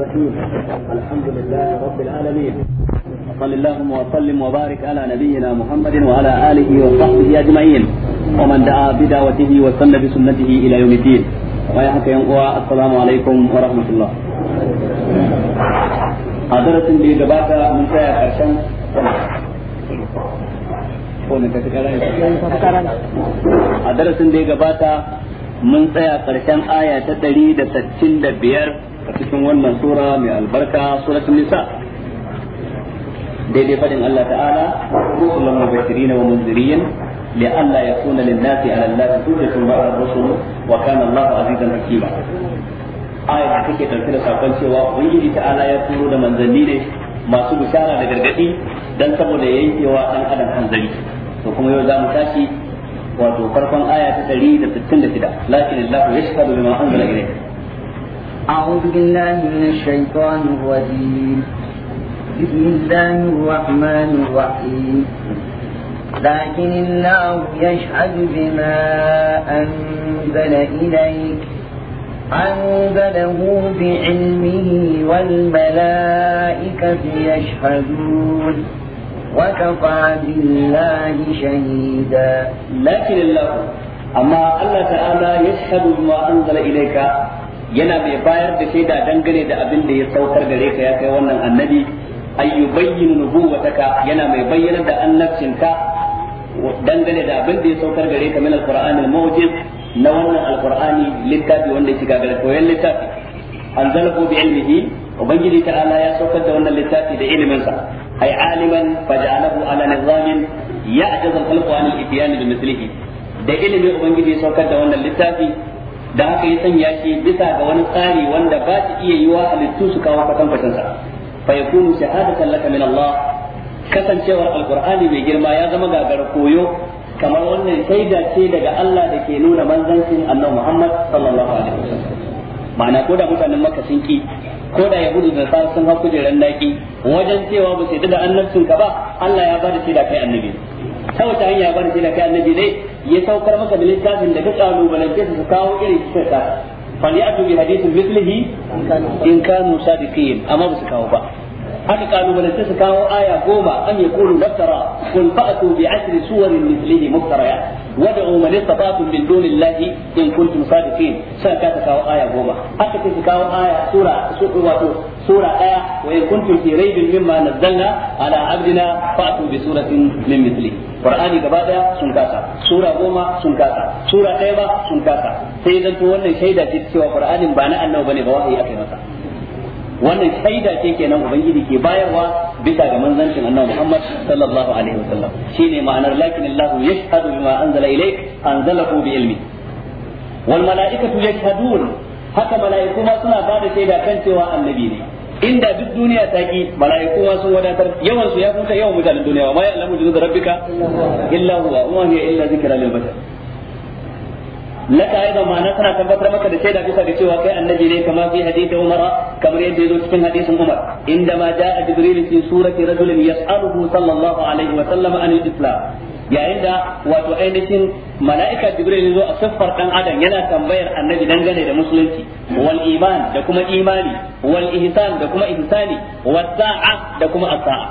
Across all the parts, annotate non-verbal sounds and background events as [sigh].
الرحيم الحمد لله رب العالمين صل اللهم وسلم وبارك على نبينا محمد وعلى اله وصحبه اجمعين ومن دعا بدعوته وسن بسنته الى يوم الدين ويحك ينقوى السلام عليكم ورحمه الله حضرة لي دباتا من شاء عشان a darasin da ya gabata mun tsaya ƙarshen aya ta ɗari da sittin da biyar a cikin wannan sura mai albarka suratul nisa daidai fadin Allah ta'ala Allah na rusulun mubashirin wa munzirin لئلا يكون للناس على الله حجة بعد الرسل وكان الله عزيزا حكيما آية take ɗauke da sakon cewa ubangiji ta'ala ya turo da manzanni ne masu bishara da gargadi dan saboda yankewa dan adam hanzari to kuma yau za mu tashi wato farkon aya ta 166 lakin Allah yashhadu bima anzala ilayka أعوذ بالله من الشيطان الرجيم بسم الله الرحمن الرحيم لكن الله يشهد بما أنزل إليك أنزله بعلمه والملائكة يشهدون وكفى بالله شهيدا لكن الله أما الله تعالى يشهد بما أنزل إليك yana mai bayar da shaida dangane da abin da ya saukar gare ka ya kai wannan annabi ayyubayyinu nubuwataka yana mai bayyana da annabcin ka. dangane da abin da ya saukar gare ka min alquran almu'jiz na wannan alqur'ani littafi wanda yake gagara koyon littafi anzalahu bi ilmihi ubangiji ta'ala ya saukar da wannan littafi da ilimin sa ay aliman faj'alahu ala nizamin ya'jaz alqur'an al-ibyan bi mithlihi da ilimin ubangiji ya saukar da wannan littafi da haka ya sanya shi bisa ga wani tsari wanda ba su iya yi wa halittu su kawo fatan sa fa yakunu shahadatan laka min Allah kasancewar alqur'ani mai girma ya zama gagar koyo kamar wannan shaida ce daga Allah da ke nuna manzancin annabi Muhammad sallallahu alaihi wasallam ma'ana ko da mutanen Makka sun ki ko da yahudu da nasara sun hau kujeran naki wajen cewa ba su da annabcin ka ba Allah ya da shi da kai annabi ta hanya ya da shi da kai annabi ne ya saukar maka da littafin da ka kalubalance su kawo irin kisa ta fali atu bi hadithin mislihi in kanu sadiqin amma ba su kawo ba aka kalubalance su kawo aya goma an ya kulu naftara kun fa'atu bi asri suwarin mislihi muftaraya wad'u man istata'tum min dunillahi in kuntum sadiqin sai ka ta kawo aya goma aka ce su kawo aya sura wato sura daya wa in kuntum fi raibin mimma nazzalna ala abdina fa'atu bi suratin min mislihi qur'ani gaba daya sun kasa sura goma sun kasa sura daya ba sun kasa sai zan to wannan shaida ce cewa qur'anin ba na annabi bane ba wahayi aka masa wannan shaida ce kenan ubangiji ke bayarwa bisa ga manzancin annabi Muhammad sallallahu alaihi wasallam shine ma'anar lakin Allah yashhadu bima anzala ilayk anzalahu bi ilmi wal malaikatu yashhadun haka malaiku ma suna bada shaida kan cewa annabi ne inda duk duniya ta ki malaiku ma sun wadatar yawan su ya kunta yawan mutanen duniya ma ya alamu junud rabbika illa huwa wa hiya illa zikra lil bashar laka aidan ma'ana tana tabbatar maka da shaida bisa da cewa kai annabi ne kama fi hadisi umar kamar yadda yazo cikin hadisin umar inda ma jaa jibril fi surati rajulin yas'aluhu sallallahu alaihi wa sallam an al-islam yayin da wato ainihin mala'ika jibril yazo a siffar dan adam yana tambayar annabi dangane da musulunci wal iman da kuma imani wal ihsan da kuma ihsani was sa'a da kuma as-sa'a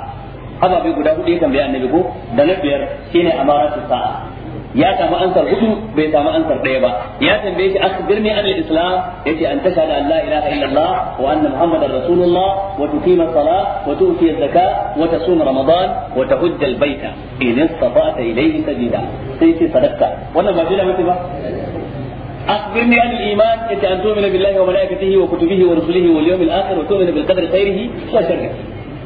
ababe guda hudu ya tambaya annabi ko da na biyar shine amaratu sa'a ya samu ansar uku bai samu ansar ɗaya ba ya tambaye shi akhbirni anil islam yace an tashhadu an la ilaha illallah wa anna muhammadar rasulullah wa tuqima as-salah wa tu'ti az-zakah wa tasum ramadan wa tahujja al-baita in istata'ta ilayhi sabila sai ce sadaka. wannan ba jira mutum ba أخبرني عن الإيمان أنت أن تؤمن بالله وملائكته وكتبه ورسله واليوم الآخر وتؤمن بالقدر خيره وشره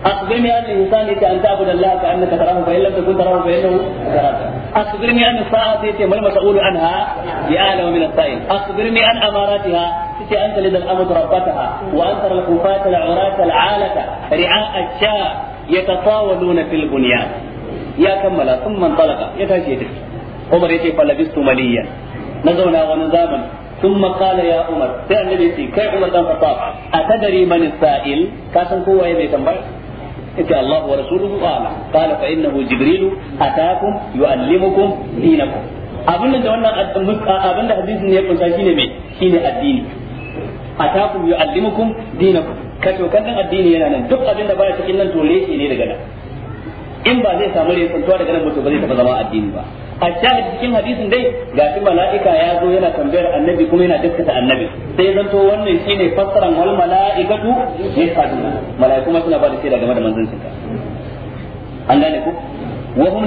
أخبرني عن الإنسان يتي أن تعبد الله كأنك تراه فإن لم تكن تراه فإنه يراك أخبرني عن الساعة يتي ما المسؤول عنها بأعلم من السائل أخبرني عن أماراتها يتي أنت لدى الأمد ربتها وأن ترى الكوفات العراة العالة رعاء الشاء يتطاولون في البنيان يا كمل ثم انطلق يتاشي يتفي عمر يتي فلبست مليا نزونا ونزاما ثم قال يا عمر سأل النبي كيف عمر بن الخطاب أتدري من السائل كاسم هو يبي تنبأ إن Allah wa rasuluhu قال qala fa innahu jibril abinda da wannan hadisin ne ya kunsa shine me shine addini yuallimukum dinakum kato kan addini yana nan duk abinda baya cikin nan to ne daga nan in ba zai samu daga nan mutum taba zama addini ba a shahid cikin hadisin dai ga shi mala'ika ya zo yana tambayar annabi kuma yana daskata annabi sai to wannan shine fassaran wal mala'ikatu yasaduna mala'iku ma suna ba da shaida game da manzancin ka an gane ku wa hum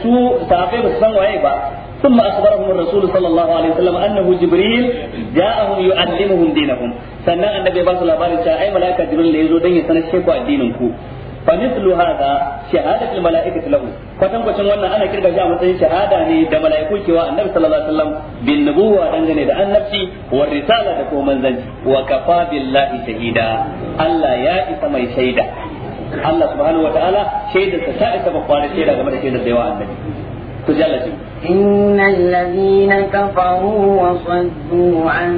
la san waye ba ثم أخبرهم الرسول صلى الله عليه وسلم أنه جبريل جاءهم يعلمهم دينهم sannan annabi ba su labarin cewa ai malaika jibril ne yazo dan ya sanar sheku addinin ku fa mislu hadha shahadatu malaikati lahu wannan ana kirga shi a matsayin shahada ne da malaiku cewa annabi sallallahu alaihi wasallam bin nubuwa dangane da annabci wa risala da kuma manzanci wa kafa billahi shahida Allah ya isa mai shaida Allah subhanahu wataala ta isa ba shaida game da shaidar da yawa kujalati inna alladhina kafaru wa saddu an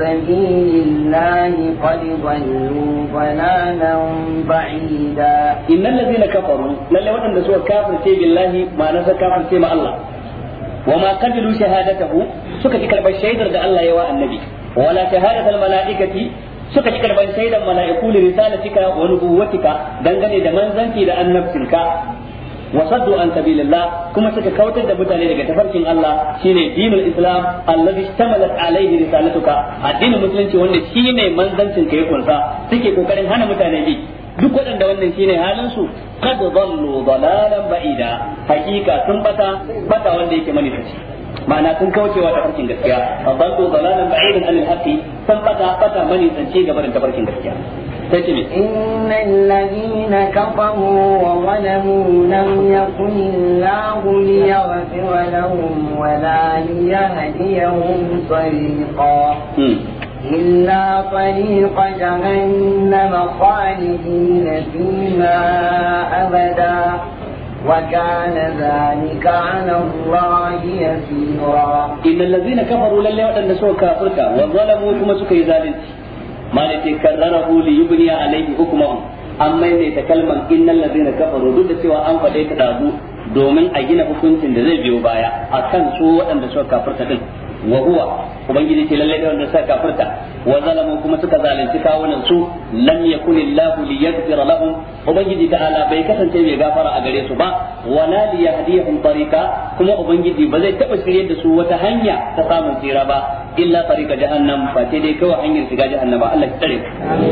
sabilillahi qad dhallu balalan ba'ida inna alladhina kafaru lalle wadanda suka kafirce billahi ma'ana suka kafirce ma Allah wa ma qadilu shahadatahu suka ji karban shaidar da Allah ya wa annabi wa la shahadatal mala'ikati suka ci karban shaidan mala'iku li risalatika wa nubuwwatika dangane da manzanci da annabcinka wa saddu an sabilillah kuma suka kautar da mutane daga tafarkin Allah shine dinul islam allazi ishtamalat alaihi risalatuka addinin musulunci wanda shine manzancin ka ya kunsa suke kokarin hana mutane bi duk waɗanda wannan shine halin su qad ba'ida hakika sun bata bata wanda yake manifaci ma'ana sun kaucewa tafarkin gaskiya fa dallu dalalan ba'idan anil haqqi sun bata bata manifanci gaban tafarkin gaskiya إن الذين كفروا وظلموا لم يكن الله ليغفر لهم ولا ليهديهم طريقا إلا طريق جهنم خالدين فيها أبدا وكان ذلك على الله يسيرا إن الذين كفروا لن يؤتن سوى كافرك وظلموا ثم سكي ذلك malaka karrarahu li yubni alayhi hukmuhu amma ne ta kalman innal ladina kafaru duk da cewa an faɗe ta dazu domin a gina hukuncin da zai biyo baya akan su waɗanda suka kafirta din wa huwa ubangiji ce lalle da wanda suka kafirta wa zalamu kuma suka zalunci kawunan su lam yakun illahu liyaghfira lahum ubangiji ta'ala bai kasance mai gafara a gare su ba wala liyahdihum tariqa kuma ubangiji ba zai taba shirye da su wata hanya ta samun tsira ba illa tariqa jahannam fa sai dai kawai hanyar shiga jahannama Allah ya tsare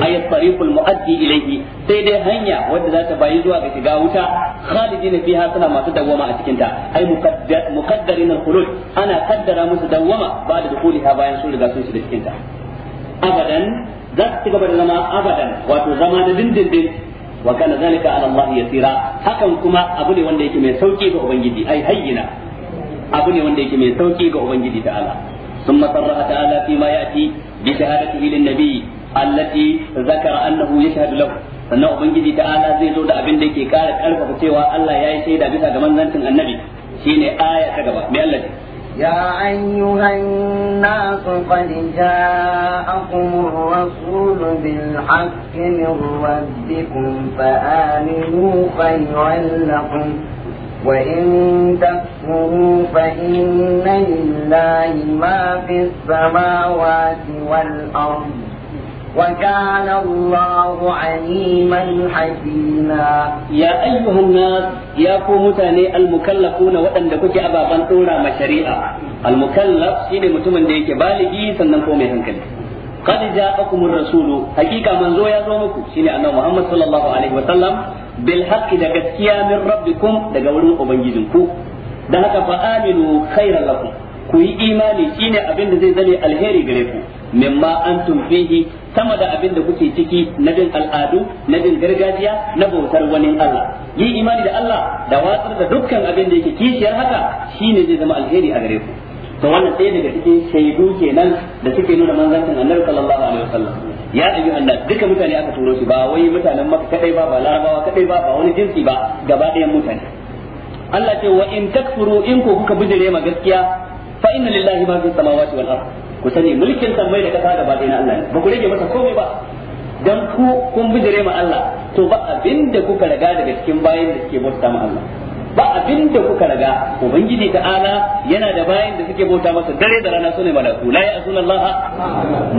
ayat tariqul muaddi ilayhi sai dai hanya wanda za ta bayi zuwa ga shiga wuta khalidina fiha suna masu dawwama a cikin ta ai muqaddarin al-khulud ana kaddara musu dawwama ba da dukuliha bayan sun riga sun shiga cikin ta abadan za su ci gaba da zama abadan wato zama da dindindin wa kana zalika ala Allah yasira hakan kuma abu ne wanda yake mai sauki ga ubangiji ai hayyina abu ne wanda yake mai sauki ga ubangiji ta'ala ثم صرح تعالى فيما يأتي بشهادته للنبي التي ذكر أنه يشهد له sannan ubangiji ta'ala zai zo da abin da yake kara karfafa cewa Allah ya yi shaida bisa ga manzancin annabi shine aya ta gaba mai Allah يا أيها الناس قد جاءكم الرسول بالحق من ربكم فآمنوا خيرا لكم وإن تكفروا فإن لله ما في السماوات والأرض وكان الله عليما حكيما يا أيها الناس يا كومتاني المكلفون وأن دكوك أبا بنطورا مشريعة المكلف شيني متمن ديك بالغي سنن قومي هنكلي قد جاءكم الرسول حقيقة من زويا زومكم شيني أنه محمد صلى الله عليه وسلم bil haqqi da gaskiya min rabbikum daga wurin ubangijinku dan haka fa aminu khairan lakum ku yi imani shine abin da zai zame alheri gare ku mimma antum fihi sama da abin da kuke ciki na bin al'adu na bin gargajiya na bautar wani Allah yi imani da Allah da watsar da dukkan abin da yake kishiyar haka shine zai zama alheri a gare ku to wannan ɗaya daga cikin shaidu kenan da suke nuna manzancin annabi sallallahu alaihi wasallam ya ayyuhan nas duka mutane aka turo su ba wai mutanen maka kadai ba ba larabawa kadai ba ba wani jinsi ba gaba ɗayan mutane Allah ce wa in takfuru in ku kuka bijire ma gaskiya fa inna lillahi ma fi samawati wal ku sani mulkin sammai da kasa gaba ɗaya na Allah ne ba ku rage masa komai ba dan ku kun bijire ma Allah to ba abinda kuka riga daga cikin bayin da suke bauta ma Allah ba abin da kuka raga ubangiji ala yana da bayan da suke bauta masa dare da rana sune malaku la ya'suna Allah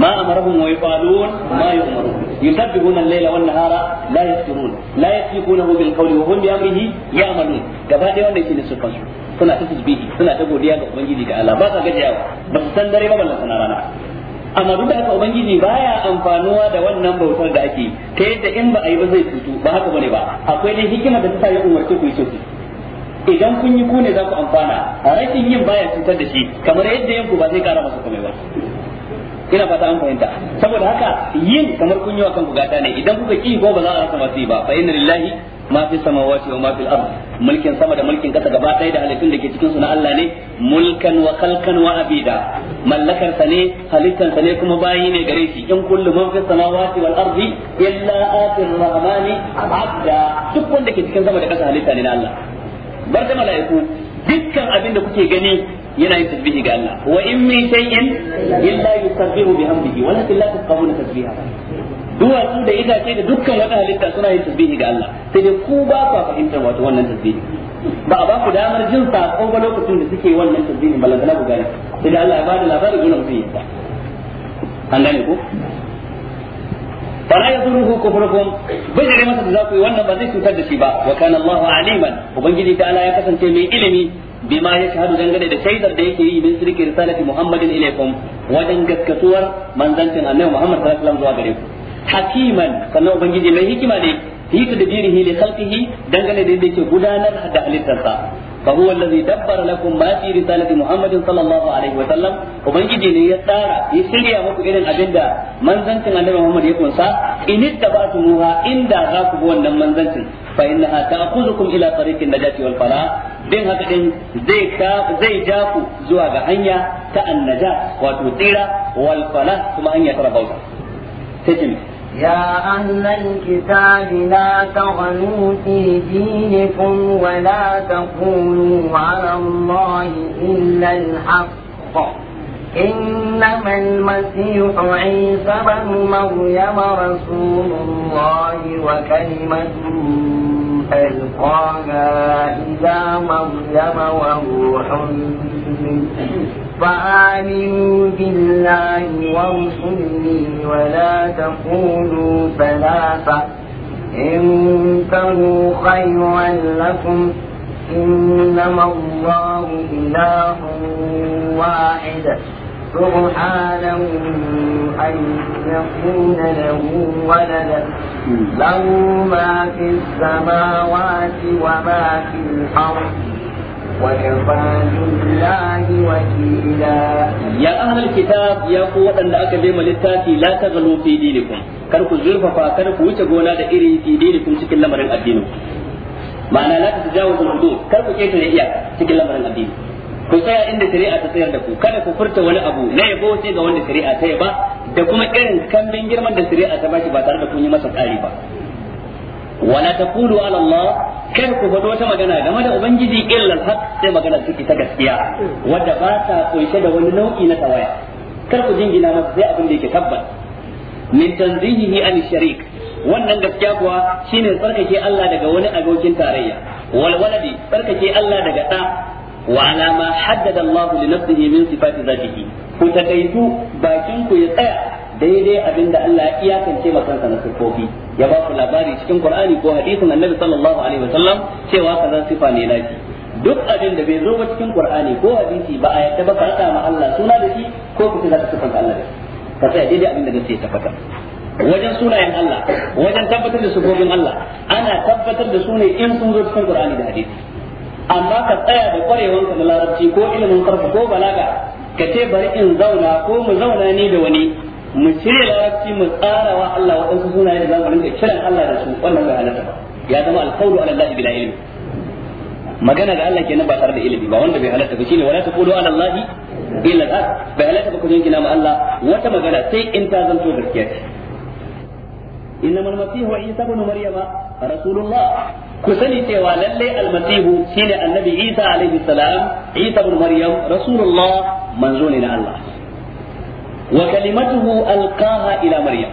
ma amaruhum wa yafalun ma yu'maru yusabbihuna al-layla wan nahara la yasrun la yasifunahu bil qawli wa hum bi'amrihi ya'malun gaba wanda yake ne sufan su suna ta tasbihi suna ta godiya ga ubangiji ala ba sa gajiyawa ba su san dare ba ballan sana rana amma duk da haka ubangiji baya amfanuwa da wannan bautar da ake ta yadda in ba a yi ba zai cutu ba haka bane ba akwai ne hikima da ta sa ya umarce ku yi sosai idan kun yi kune za ku amfana a rashin yin baya cutar da shi kamar yadda yanku ba zai kara masa komai ba ina fata an fahimta saboda haka yin kamar kun yi wa kanku gata ne idan kuka ki ko ba za a rasa masu yi ba fa inna lillahi ma fi samawati wa ma fil ard mulkin sama da mulkin kasa gaba ɗaya da halittun da ke cikin su na Allah ne mulkan wa khalqan wa abida mallakar sa ne halittan sa ne kuma bayi ne gare shi in kullu ma fi samawati wal ardi illa atir rahmani abda duk wanda ke cikin sama da kasa halitta ne na Allah bar da mala'iku dukkan abin da kuke gani yana yin tasbihi ga Allah wa in min shay'in illa yusabbihu bihamdihi walakin la tafqahuna tasbiha su da ita itace da dukkan wata halitta suna yin tasbihi ga Allah sai dai ku ba ku fahimtar wato wannan tasbihi ba a ba ku damar jin sako ba lokacin da suke wannan tasbihi balantana ku gane sai da Allah ya bada labarin gurin ku ya sa an gane ko ya fala yadurruhu kufrukum bijire masa da zaku yi wannan ba zai cutar da shi ba wa kana Allahu aliman ubangiji ta ala ya kasance mai ilimi bima ya shahadu dangane da shaidar da yake yi min sirki risalati Muhammadin ilaikum wajen gaskatuwar manzancin Annabi Muhammad sallallahu alaihi wasallam zuwa gare ku hakiman sannan ubangiji mai hikima ne yi tadbirihi li khalqihi dangane da yadda yake gudanar da halittarsa فهو zai دبر لكم ما في رسالة محمد صلى الله عليه وسلم وبنجي ne ya tsara ya shirya muku irin abin da manzancin annabi Muhammad ya kunsa in ittaba'tumuha inda za ku bi wannan manzancin fa innaha ta'khuzukum ila tariqin najati wal fala bin haka ɗin zai ja ku zuwa ga hanya ta annaja wato tsira wal fala kuma hanya ta rabauta يا أهل الكتاب لا تغنوا في دينكم ولا تقولوا على الله إلا الحق إنما المسيح عيسى بن مريم رسول الله وكلمة ألقاها إلى مريم وروح فآمنوا به بالله ورسله ولا تقولوا ثلاثة انتهوا خيرا لكم إنما الله إله واحد سبحانه أن يكون له ولدا له ما في السماوات وما في الأرض ya بالله kitab ya ku wadanda aka bai أن la بما للتاتي لا تغلوا kar ku zurfafa kar ku wuce gona da iri fi dinikum cikin lamarin addini ma'ana la tajawuzu hudud kar ku da iyaka cikin lamarin addini ku tsaya inda shari'a ta tsayar da ku kada ku furta wani abu na yabo sai ga wanda shari'a ta yaba da kuma irin kambin girman da shari'a ta bashi ba tare da kun yi masa tsari ba wala taqulu ala Allah kar ku faɗo wata magana game da ubangiji illa al-haq sai magana take ta gaskiya wadda ba ta kunshe da wani nau'i na tawaya kar ku jingina masa sai abin da yake tabbas min tanzihihi an sharik wannan gaskiya kuwa shine tsarkake Allah daga wani abokin tarayya wal waladi tsarkake Allah daga da wa ala ma haddada Allah li nafsihi min sifati ku takaitu bakinku ya tsaya daidai abinda Allah ya iyakance maka kansa na sifofi ya ba ku labari cikin Qur'ani ko hadisin Annabi sallallahu alaihi wasallam cewa kaza sifa ne naki duk abin da bai zo ba cikin Qur'ani ko hadisi ba a yadda ba ka ma Allah suna da shi ko ku za ka sifanta Allah da ka sai daidai abin da gaske ya tabbata wajen sunayen Allah wajen tabbatar da sifofin Allah ana tabbatar da su ne in sun zo cikin Qur'ani da hadisi amma ka tsaya da kwarewanka na larabci ko ilimin sarfa ko balaga ka ce bari in zauna ko mu zauna ni da wani mu cire larabci mu tsara wa Allah waɗansu sunaye da zamu rinka kiran Allah da su wannan bai halatta ba ya zama alqawlu ala Allah bila ilmi magana ga Allah kenan ba tare da ilimi ba wanda bai halatta ba shine wala taqulu ala Allah illa al bai halatta ba ku jinkina ma Allah wata magana sai in ta zanto gaskiya ce إنما المسيح عيسى بن مريم رسول الله كسني تيوا للي المسيح سين النبي عيسى عليه السلام عيسى بن مريم رسول الله منزول Allah. wa kalimatuhu alqaha ila maryam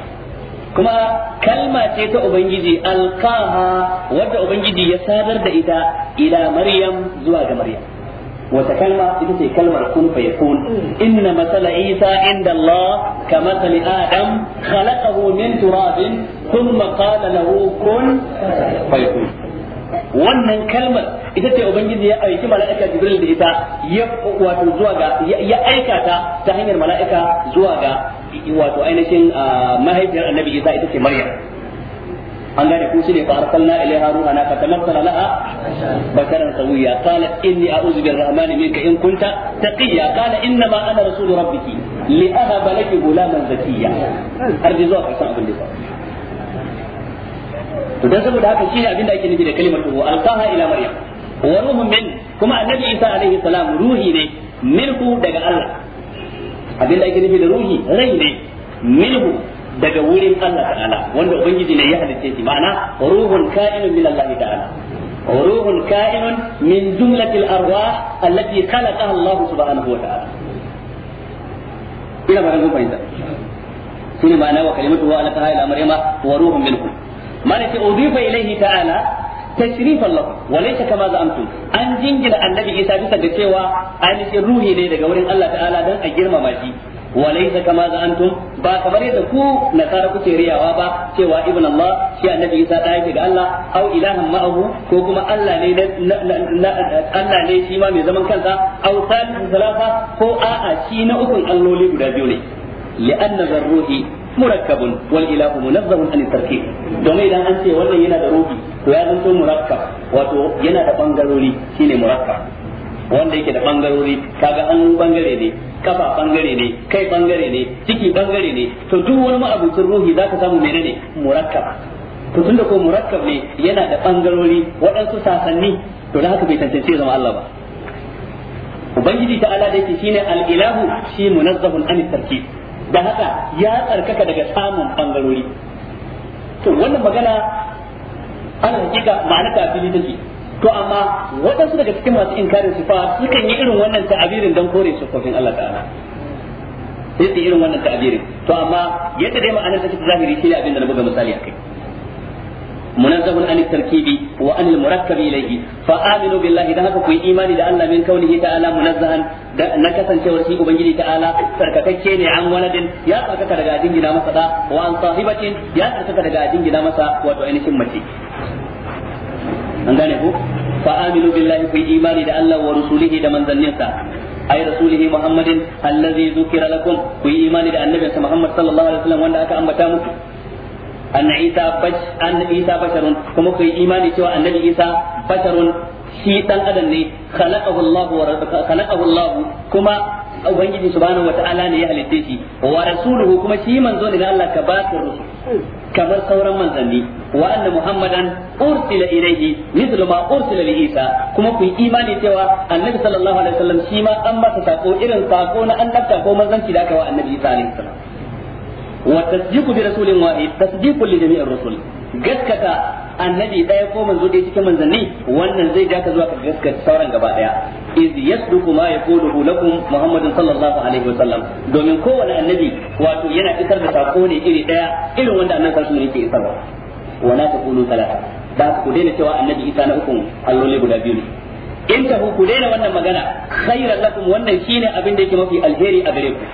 kuma kalma ce ta ubangiji alqaha wadda ubangiji ya sadar da ita ila maryam zuwa ga maryam wata kalma ita ce kalmar kun fa yakun inna masala isa inda allah ka masali adam khalaqahu min turabin thumma qala lahu kun fa yakun wannan kalmar ita ce ubangiji ya aiki mala'ika jibril da ita ya wato zuwa ga ya aika ta ta hanyar mala'ika zuwa ga wato ainihin ah, mahaifiyar annabi isa ita ce maryam an gane ku shine fa arsalna ilaiha ruhana fa tamassala laha basharan sawiya qalat inni a'udhu birrahmani minka in kunta taqiya qala inna ma ana rasul rabbiki li ahaba laki ghulaman zakiya har zuwa karshen abin da to dan saboda haka shine abin da ake nufi da kalimar ruhu alqaha ila maryam wa ruhun min kuma annabi isa alaihi salam ruhi ne milhu daga Allah abin da ake nufi da ruhi rai ne milhu daga wurin Allah ta'ala wanda ubangiji ne ya halitta shi ma'ana ruhun ka'inun min Allah ta'ala ruhun ka'inun min jumlatil arwah allati khalaqaha Allah subhanahu wa ta'ala ina ba ran fahimta shine ma'ana wa kalimatu wa alaqaha ila wa ruhun minhu mana ce udifa ilaihi ta'ala tashrifan lahu walaysa kama za'amtum an jingina annabi Isa bisa da cewa ainihin ruhi ne daga wurin Allah ta'ala dan a girmama shi walaysa kama za'amtum ba kamar yadda ku nasara kuke riyawa ba cewa ibn Allah annabi Isa da yake ga Allah au ilahan ma'ahu ko kuma Allah ne Allah shi ma mai zaman kansa au salisu salasa ko a'a shi na ukun alloli guda biyu ne li'anna zarruhi مركب والاله منظم عن التركيب دوما domin idan an ce wannan yana da ruhi to ya zanto murakkab wato yana da bangarori shine murakkab wanda yake da bangarori kaga an bangare ne kafa bangare ne kai bangare ne ciki bangare ne to duk wani ma'abucin ruhi zaka samu menene murakkab to tunda ko murakkab ne yana da bangarori waɗansu sasanni to da haka bai tantance zama Allah ba ubangiji ta'ala da yake shine al-ilahu shi munazzahun an tarkib da haka ya tsarkaka daga samun bangarori to wannan magana ana hakika ma'ana ta fili take to amma waɗansu daga cikin masu inkarin su sukan yi irin wannan ta'abirin don kore sufofin Allah ta'ala sai su irin wannan ta'abirin to amma yadda dai ma'anar ta zahiri shi ne abin da na buga misali kai. منزه عن التركيب وعن المركب اليه فامنوا بالله ده haka kuyi yi imani da Allah min kaunihi ta'ala munazzahan da na kasancewar shi ubangiji ta'ala sarkakakke ne an waladin ya sarkaka daga a gida masa da wa an sahibatin ya sarkaka daga adin gida masa wato ainihin mace an gane ku fa aminu billahi ku yi da Allah wa rusulihi da manzanninsa ay rasulihi muhammadin da muhammad sallallahu alaihi wanda aka ambata muku anna isa basharun kuma ku yi imani cewa annabi isa basharun shi dan adam ne khalaqahu Allah wa khalaqahu Allah kuma ubangiji subhanahu wataala ne ya halitta shi wa rasuluhu kuma shi manzo ne na Allah ka ba rusul kamar sauran manzanni wa anna muhammadan ursila ilayhi mithlu ma ursila li isa kuma ku imani cewa annabi sallallahu alaihi wasallam shi ma an masa sako irin sako na annabta ko manzanci da aka wa annabi isa alaihi salam wa tasdiqu bi rasulin wahid tasdiqu li jami'ir rusul gaskata annabi daya ko manzo daya cikin manzanni wannan zai ja ka zuwa ka gaskata sauran gaba daya iz yasduqu ma yaqulu lakum muhammadun sallallahu alaihi wasallam domin kowane annabi wato yana isar da sako ne iri daya irin wanda annabi sallallahu alaihi wasallam yake isarwa wa la taqulu talata da ku daina cewa annabi isa na ukun alloli guda biyu ne in ta ku daina wannan magana khairan lakum wannan shine abin da yake mafi alheri a gare ku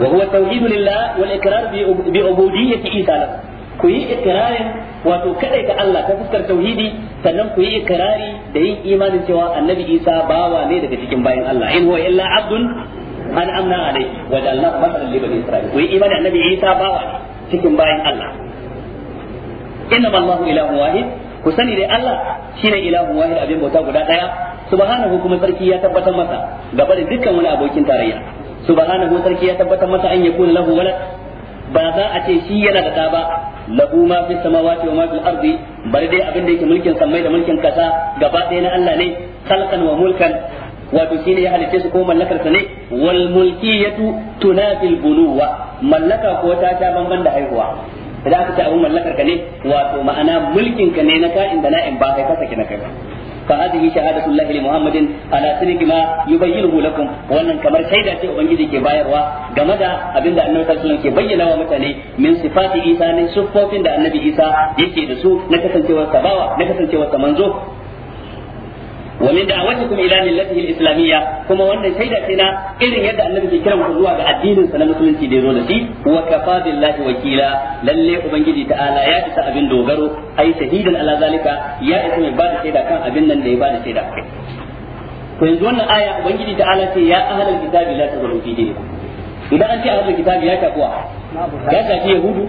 wa huwa tauhidu lillah wal ikrar bi ubudiyyati isa lahu ku yi ikrarin wato kadai ga Allah ta fuskar tauhidi sannan ku yi ikrari da yin imanin cewa annabi isa bawa ne daga cikin bayan Allah in huwa illa abdun an amna alai wa ja'alnahu masalan li bani isra'il ku yi imanin annabi isa bawa cikin bayan Allah inna ku dai Allah shine ilahun wahid abin bauta guda daya subhanahu kuma sarki ya tabbatar masa gaba da dukkan wani abokin tarayya subhanahu sarki ya tabbatar masa an yakun lahu walad ba za a ce shi yana da ba lahu ma fi samawati wa ma fil ardi bari dai abin da yake mulkin samai da mulkin kasa gaba ɗaya na Allah ne khalqan wa mulkan wato shine ya halice su ko mallakar sa ne wal mulkiyatu tunafi al buluwa mallaka ko ta ta banban da haihuwa idan aka ce abun mallakar ka ne wato ma'ana mulkin ka ne na ka'in da in ba kai ka saki na kai ba فهذه شهادة الله لمحمد على سنك ما يبينه لكم وأن كما شهد شيء وبنجي كي باير وجمدا أبن النبي صلى الله عليه وسلم كي بينا ومتني من صفات عيسى من صفات النبي عيسى يكي دسو نكسن سوى السباوة نكسن سوى السمنزو wa min da'awatikum ila millatihi al-islamiyya kuma wannan shaida ce na irin yadda annabi ke kiran ku zuwa ga addinin sa na musulunci da yazo da shi wa kafa billahi wakila lalle ubangiji ta'ala ya isa abin dogaro ai shahidan ala zalika ya isa mai bada shaida kan abin nan da ya bada shaida to yanzu wannan aya ubangiji ta'ala ce ya ahlal kitabi la tazulu fi dinikum idan an ce ahlul kitabi ya tafuwa. ya shafi yahudu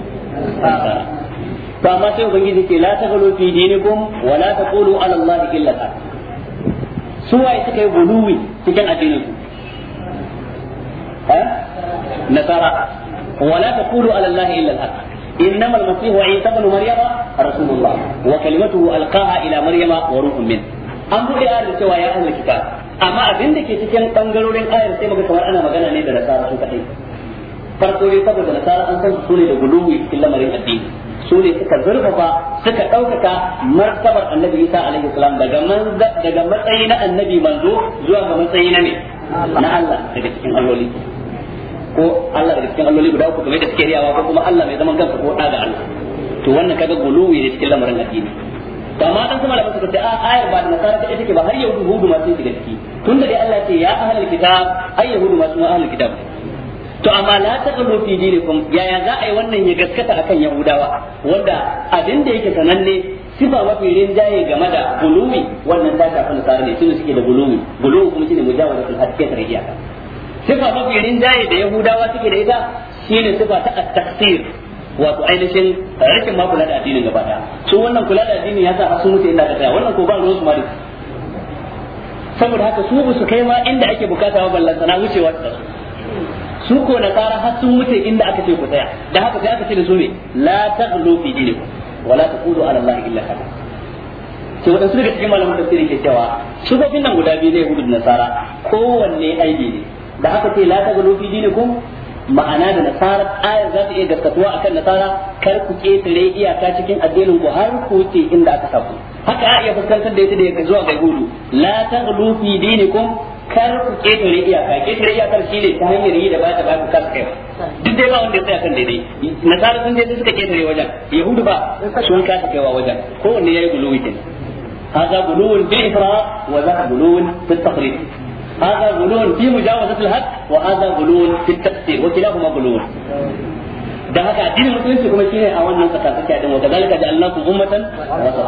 ba ma sai ubangiji ce la tazulu fi dinikum wa la taqulu ala allahi illa haqq su waye suka yi guluwi cikin addinin su nasara wala taqulu ala allahi illa al-haq إنما المسيح عيسى بن مريم wa الله وكلمته ألقاها إلى مريم وروح منه an buɗe ayar da cewa ya ahli kitab amma abin da ke cikin bangarorin ayar sai muka kamar ana magana ne da nasara sun kaɗai farko dai saboda nasara an san su ne da guluwi cikin lamarin addini su ne suka zurfafa suka ɗaukaka martabar annabi isa alaihi salam daga daga matsayi na annabi manzo zuwa ga matsayi na ne na Allah daga cikin alloli ko Allah daga cikin alloli guda uku kamar da suke riyawa ko kuma Allah mai zaman kansa ko da Allah to wannan kaga guluwi ne cikin lamarin addini to amma dan kuma da suka ce a ayar ba da nasara ta take ba har yahudu ma sun shiga ciki tunda dai Allah ce ya ahlul kitab ai yahudu ma sun ahlul kitab to amma la taqulu fi kun yaya za a yi wannan ya gaskata akan yahudawa wanda abin da yake sananne sifa mafi rinjaye game da guluwi wannan ta shafi nasara ne sun suke da bulumi bulumi kuma shine mujawazatul haske ta iyaka sifa mafi rinjaye da yahudawa suke da ita shine sifa ta at-taqsir wato ainihin rashin ma kula da addinin gaba daya su wannan kula da addini ya sa su mutu inda ka tsaya wannan ko ba ruwan su ma saboda haka su su kai ma inda ake bukata ba ballan sana wucewa da su su ko da tsara har sun wuce inda aka ce ku tsaya da haka sai aka ce da su ne la taghlu fi dinikum wa la taqulu ala allahi illa haka ke wadansu daga cikin malamin tafsiri ke cewa su shugabin nan guda biyu ne hudu da nasara kowanne aibi ne da haka ce la taghlu fi dinikum ma'ana da nasara ayar za ta iya gaskatuwa akan nasara kar ku ketare iyaka cikin addinin ku har ku ce inda aka saku haka a iya fuskantar da ita da yake zuwa ga hudu la taghlu fi dinikum kar ku ketare iyaka ketare iyakar shi ne ta hanyar yi da ba ta ba ku kasu kai duk dai ba wanda ya tsaya kan daidai nasara sun dai suka ketare wajen yahudu ba sun kasa kaiwa wajen kowanne yayi guluwi kin هذا غلو بالإفراط وذاك غلو في التقليد هذا غلو في مجاوزة الحد وهذا غلو في التقصير وكلاهما غلو da haka addinin musulunci kuma shine a wannan tsaka tsakiya din wa kadalika ja'alnakum ummatan wasata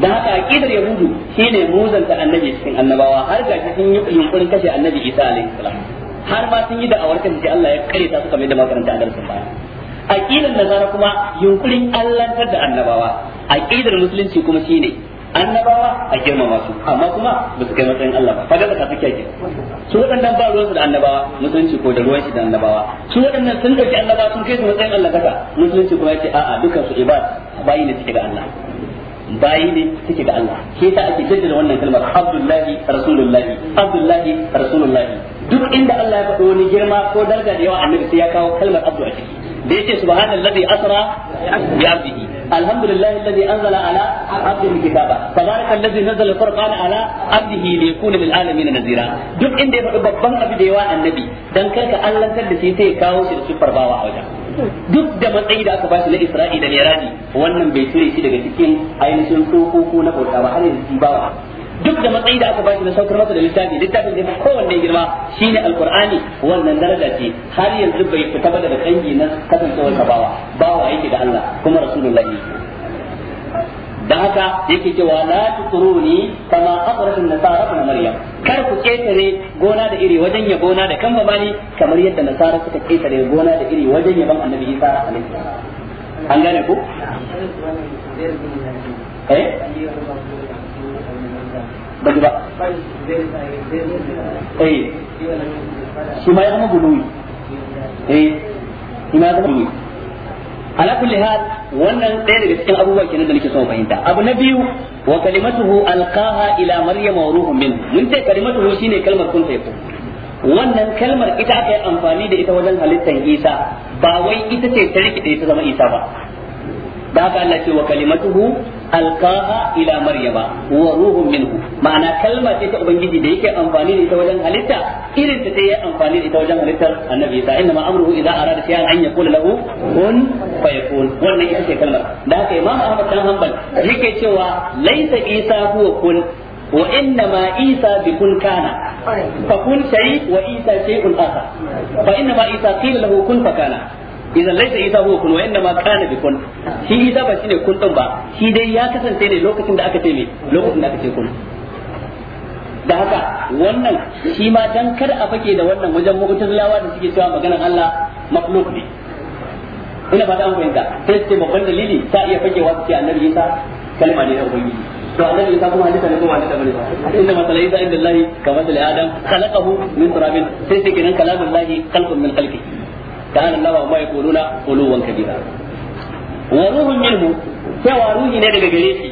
da haka aqidar yahudu shine da annabi cikin annabawa har ga sun yi yunkurin kashe annabi isa alaihi salam har ma sun yi da awarkan da Allah ya kare ta su kamar da makaranta a darasin baya aqidar nazara kuma yunkurin allantar da annabawa aqidar musulunci kuma shine annabawa a girmama su amma kuma ba su kai matsayin Allah ba kaga ka suke ke su waɗannan ba ruwansu da annabawa musulunci ko da ruwan shi da annabawa su wadannan sun dauki annabawa sun kai su matsayin Allah kaka musulunci kuma yace a'a dukan su ibad bayi ne suke da Allah bayi ne suke ga Allah shi yasa ake jaddada wannan kalmar Abdullahi Rasulullahi Abdullahi Rasulullahi duk inda Allah ya faɗo wani girma ko daraja da yawa annabi sai ya kawo kalmar Abdu a ciki da yace subhanallazi asra bi abdihi alhamdulillahi alladhi anzala ala abdihi kitaba tabaraka alladhi nazzala alquran ala abdihi liyakuna lil alamin nazira duk inda ya faɗo babban abu da yawa annabi dan karka Allah da shi sai ya kawo shi da sifar bawa a wajen duk da matsayi da aka bashi na Isra'i da Miraji wannan bai cire shi daga cikin ainihin sokoko na bauta ba har yanzu ba duk da matsayi da aka bashi na saukar masa da littafi littafin da kowanne girma shine alqur'ani wannan daraja ce har yanzu bai fita ba daga kangi na kasancewar bawa bawa yake da Allah kuma rasulullahi dan haka yake cewa la tukuruni kama asratu nasara ibn maryam kar ku ketare gona da iri wajen ya gona da kan babani kamar yadda nasara suka ketare gona da iri wajen yaban annabi isa alaihi salam an gane ku eh ba eh. shi ma ya zama guluwi eh shi ma ala kulli hal wannan ɗaya daga cikin abubuwa kenan da nake son fahimta abu na biyu wa kalimatuhu alqaha ila maryama wa ruhun min mun ce kalimatuhu shine kalmar kun sai wannan kalmar ita aka yi amfani da ita wajen halittar Isa ba wai ita ce ta rikide ta zama Isa ba da haka Allah ce wa kalimatuhu Alkaha ila maryama wa ruhun minhu ma'ana kalma ce ta ubangiji da yake amfani da ita wajen halitta irin ta yi amfani da ita wajen halittar annabi isa inna ma amruhu idza arada shay'an an yaqula lahu kun fayakun wannan ita ce kalmar da haka imam ahmad dan hanbal yake cewa laisa isa huwa kun wa inna ma isa bi kun kana fa kun shay wa isa shay'un akha fa inna ma isa qila lahu kun fa kana idan laisa isa huwa kun wa ma kana bi kun shi isa ba shine kun din ba shi dai ya kasance ne lokacin da aka ce me lokacin da aka ce kun da haka wannan shi ma dan kar a fake da wannan wajen lawa da suke cewa maganar Allah makhluk ne ina ba ta an fahimta sai su ce babban dalili ta iya fakewa su ce annabi isa kalma ne na ubangiji to annabi isa kuma hadisa ne kuma hadisa bane inna masal isa inda Allah kama da adam khalaqahu min turabin sai ce kenan kalamullahi khalqun min khalqihi كان الله wa يقولون yaquluna كبيرا وروح منه ruhun minhu cewa ruhi ne daga gare shi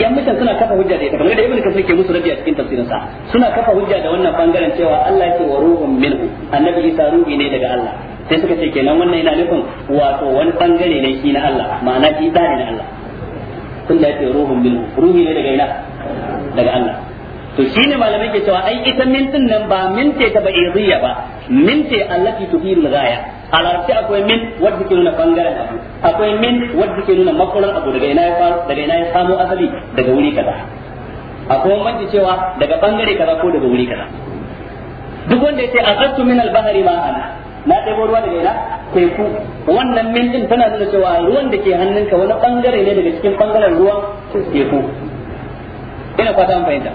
yan mutan suna kafa hujja da ita kamar da ibnu kasir ke musu rabi a cikin tafsirin sa suna kafa hujja da wannan bangaren cewa Allah ce wa ruhun minhu annabi Isa ruhi ne daga Allah sai suka ce kenan wannan yana nufin wato wani bangare ne shi na Allah ma'ana isa tsari na Allah tun da ce ruhun minhu ruhi ne daga ina daga Allah to shine malamai ke cewa ai ita mintin nan ba minte ta ba iriya ba minte allati tufirul ghaya a larabci akwai min wadda ke nuna bangaren abu akwai min wadda ke nuna makonar abu daga ina ya faru daga ina ya samu asali daga wuri kaza akwai manci cewa daga bangare kaza ko daga wuri kaza duk wanda ya ce azattu min albahari ma ana na ɗebo ruwa daga ina teku wannan min din tana nuna cewa ruwan da ke hannunka wani bangare ne daga cikin bangaren ruwan teku ina fata an fahimta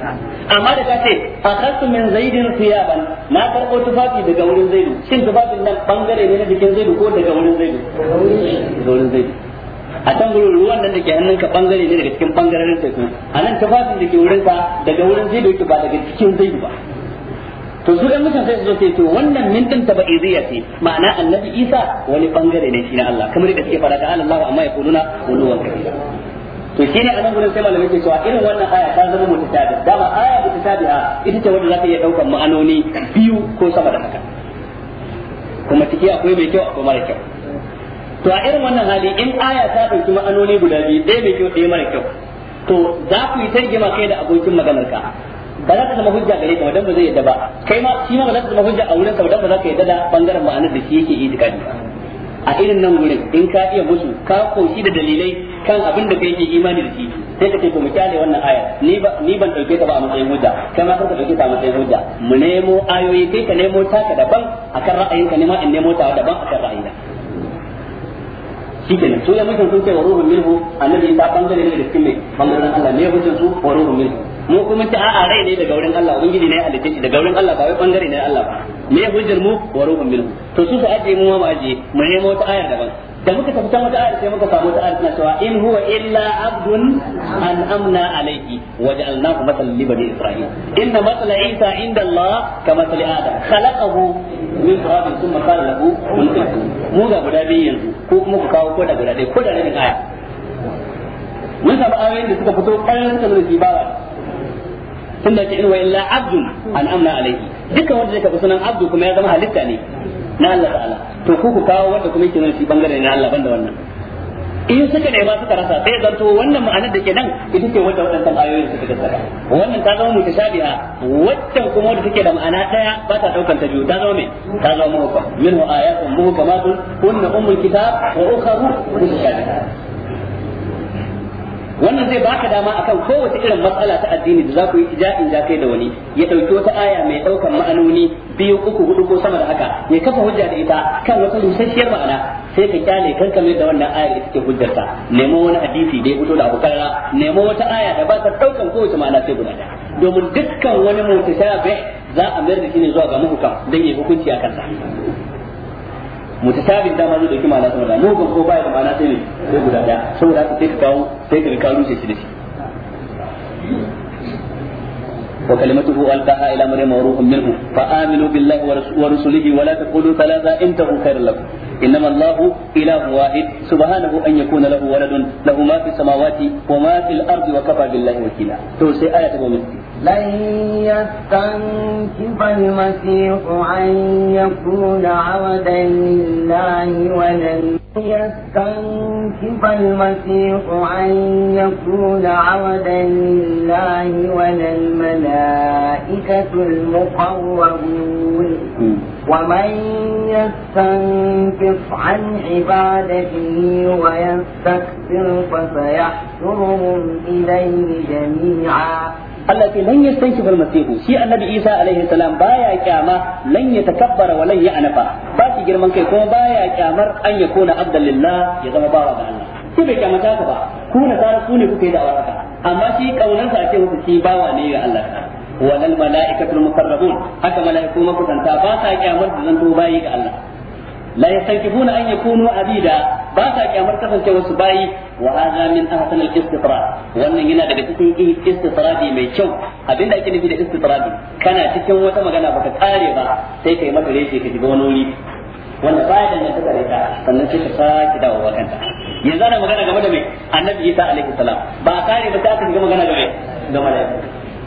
amma da ta ce a kasu min zaidin thiyaban na karɓo tufafi daga wurin zaidu shin tufafin nan bangare ne na jikin zaidu ko daga wurin zaidu daga wurin zaidu a can gudu ruwan nan da ke hannun ka bangare ne daga cikin bangaren teku a nan tufafin da ke wurin ka daga wurin zaidu yake ba daga cikin zaidu ba to su ɗan mutum sai su zo sai to wannan mintin tabaiziyya ce ma'ana annabi isa wani bangare ne shi na Allah kamar da suke fara ta'ala Allah amma ya kuluna wani kabira to shine a nan gudun sai malamai ke cewa irin wannan aya ta zama mutu tabi dama aya mutu a ita ce wanda za ta iya daukar ma'anoni biyu ko sama da haka kuma ciki akwai mai kyau akwai mara kyau to a irin wannan hali in aya ta dauki ma'anoni guda biyu ɗaya mai kyau ɗaya mara kyau to za ku yi tarjima kai da abokin maganar ka ba za ka zama hujja gare ka dan ba zai yadda ba kai ma shi ma ba za ka zama hujja a wurin ka dan ba za ka yadda da bangaren ma'anar da shi yake yi a irin nan gurin in ka iya musu ka koshi da dalilai kan abin da kai ke imani da shi sai ka ce ko misali wannan aya ni ba ni ban dauke ta ba a matsayin hujja kai ma ka dauke ta a matsayin hujja mu nemo ayoyi kai ka nemo ka daban akan ra'ayinka ne ma in nemo ta daban akan ka shi kenan to ya mutum sun ce wa ruhun minhu annabi ta bangare ne da cikin mai bangaren Allah ne hujjar su wa ruhun minhu mu kuma ta a rai ne daga wurin Allah ubangiji ne ya halitta shi daga wurin Allah ba wai bangare ne Allah ba ne hujjar mu wa ruhun minhu to su su aje mu ma mu aje mu nemo ta ayar daban da muka tafi can wata ayar sai muka samu wata ayar tana cewa in huwa illa abdun an amna alayhi wa ja'alnahu masalan li bani isra'il inna masala isa inda allah ka masali adam khalaqahu min turabin thumma qala lahu kun kun mu ga guda biyu yanzu ko kuma ku kawo ko da guda ɗaya ko da rabin aya mun samu ayoyin da suka fito ƙarar suka nuna shi bawa tun da ke in wa illa abdun an amna alayhi dukkan wanda zai tafi sunan abdu kuma ya zama halitta ne na allah ta'ala to ku ku kawo wanda kuma yake bangare na Allah banda wannan in suka ne ba suka rasa sai zanto wannan ma'anar da ke nan ita ce wata waɗannan ayoyin suka gaskata wannan ta zama mutashabiha waccan kuma wanda take da ma'ana daya ba ta daukan ta biyu ta zama me ta zama muhkam minhu ayatun muhkamatun kunna ummul kitab wa ukharu mutashabiha wannan zai baka dama akan kowace irin matsala ta addini da za ku yi ija'in da kai da wani ya dauki wata aya mai daukan ma'anoni biyu uku hudu ko sama da haka ya kafa hujja da ita kan wata lusasshiyar ma'ana sai ka kyale kankame da wannan aya da take hujjarta nemo wani hadisi da ya fito da abokarra nemo wata aya da ba ta daukan kowace ma'ana sai guda ɗaya domin dukkan wani mutashabih za a mayar da shi ne zuwa ga muhukam dan yi hukunci a sa mutasabin dama zai dauki ma'ana saboda mugun ko bai da ma'ana sai ne sai guda daya saboda haka sai ka sai ka da shi wa kalimatuhu al-baha ila maryam wa ruhum minhu لن يستنكف المسيح أن يكون عبدا لله ولن يستنكف المسيح أن يكون عبدا لله ولا الملائكة المقربون ومن يستنكف عن عبادته ويستكبر فسيحشرهم إليه جميعا Allah ce lan yastanki bal masihu shi annabi Isa alaihi salam baya kyama lan yatakabbara wa lan ya'nafa ba shi girman kai kuma baya kyamar an na abdalillah ya zama bawa ga Allah shi bai kyamata ka ba ku na tsara su ne kuka da haka amma shi kaunansa a ce muku shi bawa ne ga Allah walal mala'ikatul mukarrabun haka mala'iku makusanta ba sa kyamar da zanto bayi ga Allah la yastankifuna an yakunu abida ba sa kyamar kasancewar su bayi wa hadha min ahsan al yana daga cikin istitrabi mai kyau abinda ake nufi da kana ana magana game Isa ba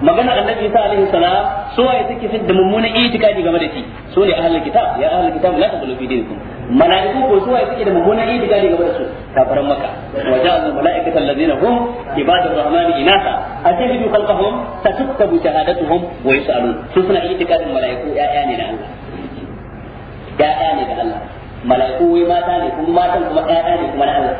magana annabi isa alaihi salam suwaye suke fidda mummunan itikadi game da shi ne ahlul kitab ya ahlul kitab la taqulu fi dinikum malaiku ko da mummunan itikadi game da su kafaran makka wa malaikata hum ibadur rahmani inasa atajidu khalqahum shahadatuhum wa suna itikadin malaiku ne da Allah ne da Allah malaiku wai mata ne kuma matan kuma ne kuma Allah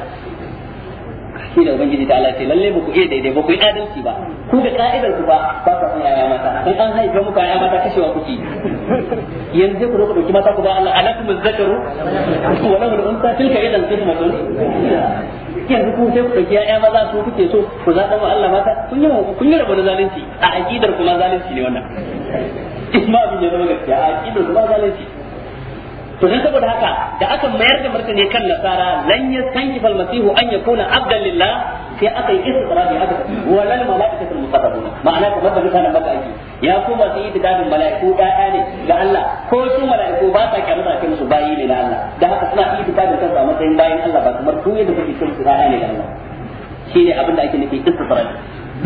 shi da ubangiji ta Allah ce lalle ba ku iya daidai ba ku yi adalci ba ku ga ka'idar ku ba ba ka san yaya mata in an haife muku yaya mata kashewa kuke yanzu ku ku dauki mata ku ba Allah alakum zakaru ku wala al-unsa tilka idan qismatun yanzu ku sai ku dauki yaya maza su kuke so ku zaɓa wa Allah mata kun yi kun yi rabon zalunci a aqidar ma zalunci ne wannan isma bin ya zama gaskiya a aqidar ma zalunci to dan saboda haka da aka mayar da martani kan nasara lan sanki fal masihu an yakuna abdan lillah sai aka yi istiqrabi aka wa lan malaikatu muqarrabuna ma'ana kuma da mutanen maka aiki ya ku sai da tidadin malaiku da'a ne ga Allah ko su malaiku ba ta kyamata kin su bayi ne ga Allah da haka suna yi da kansu a matsayin bayin Allah ba kamar ku yadda kuke kin su da'a ne da Allah shine abin da ake nufi istiqrabi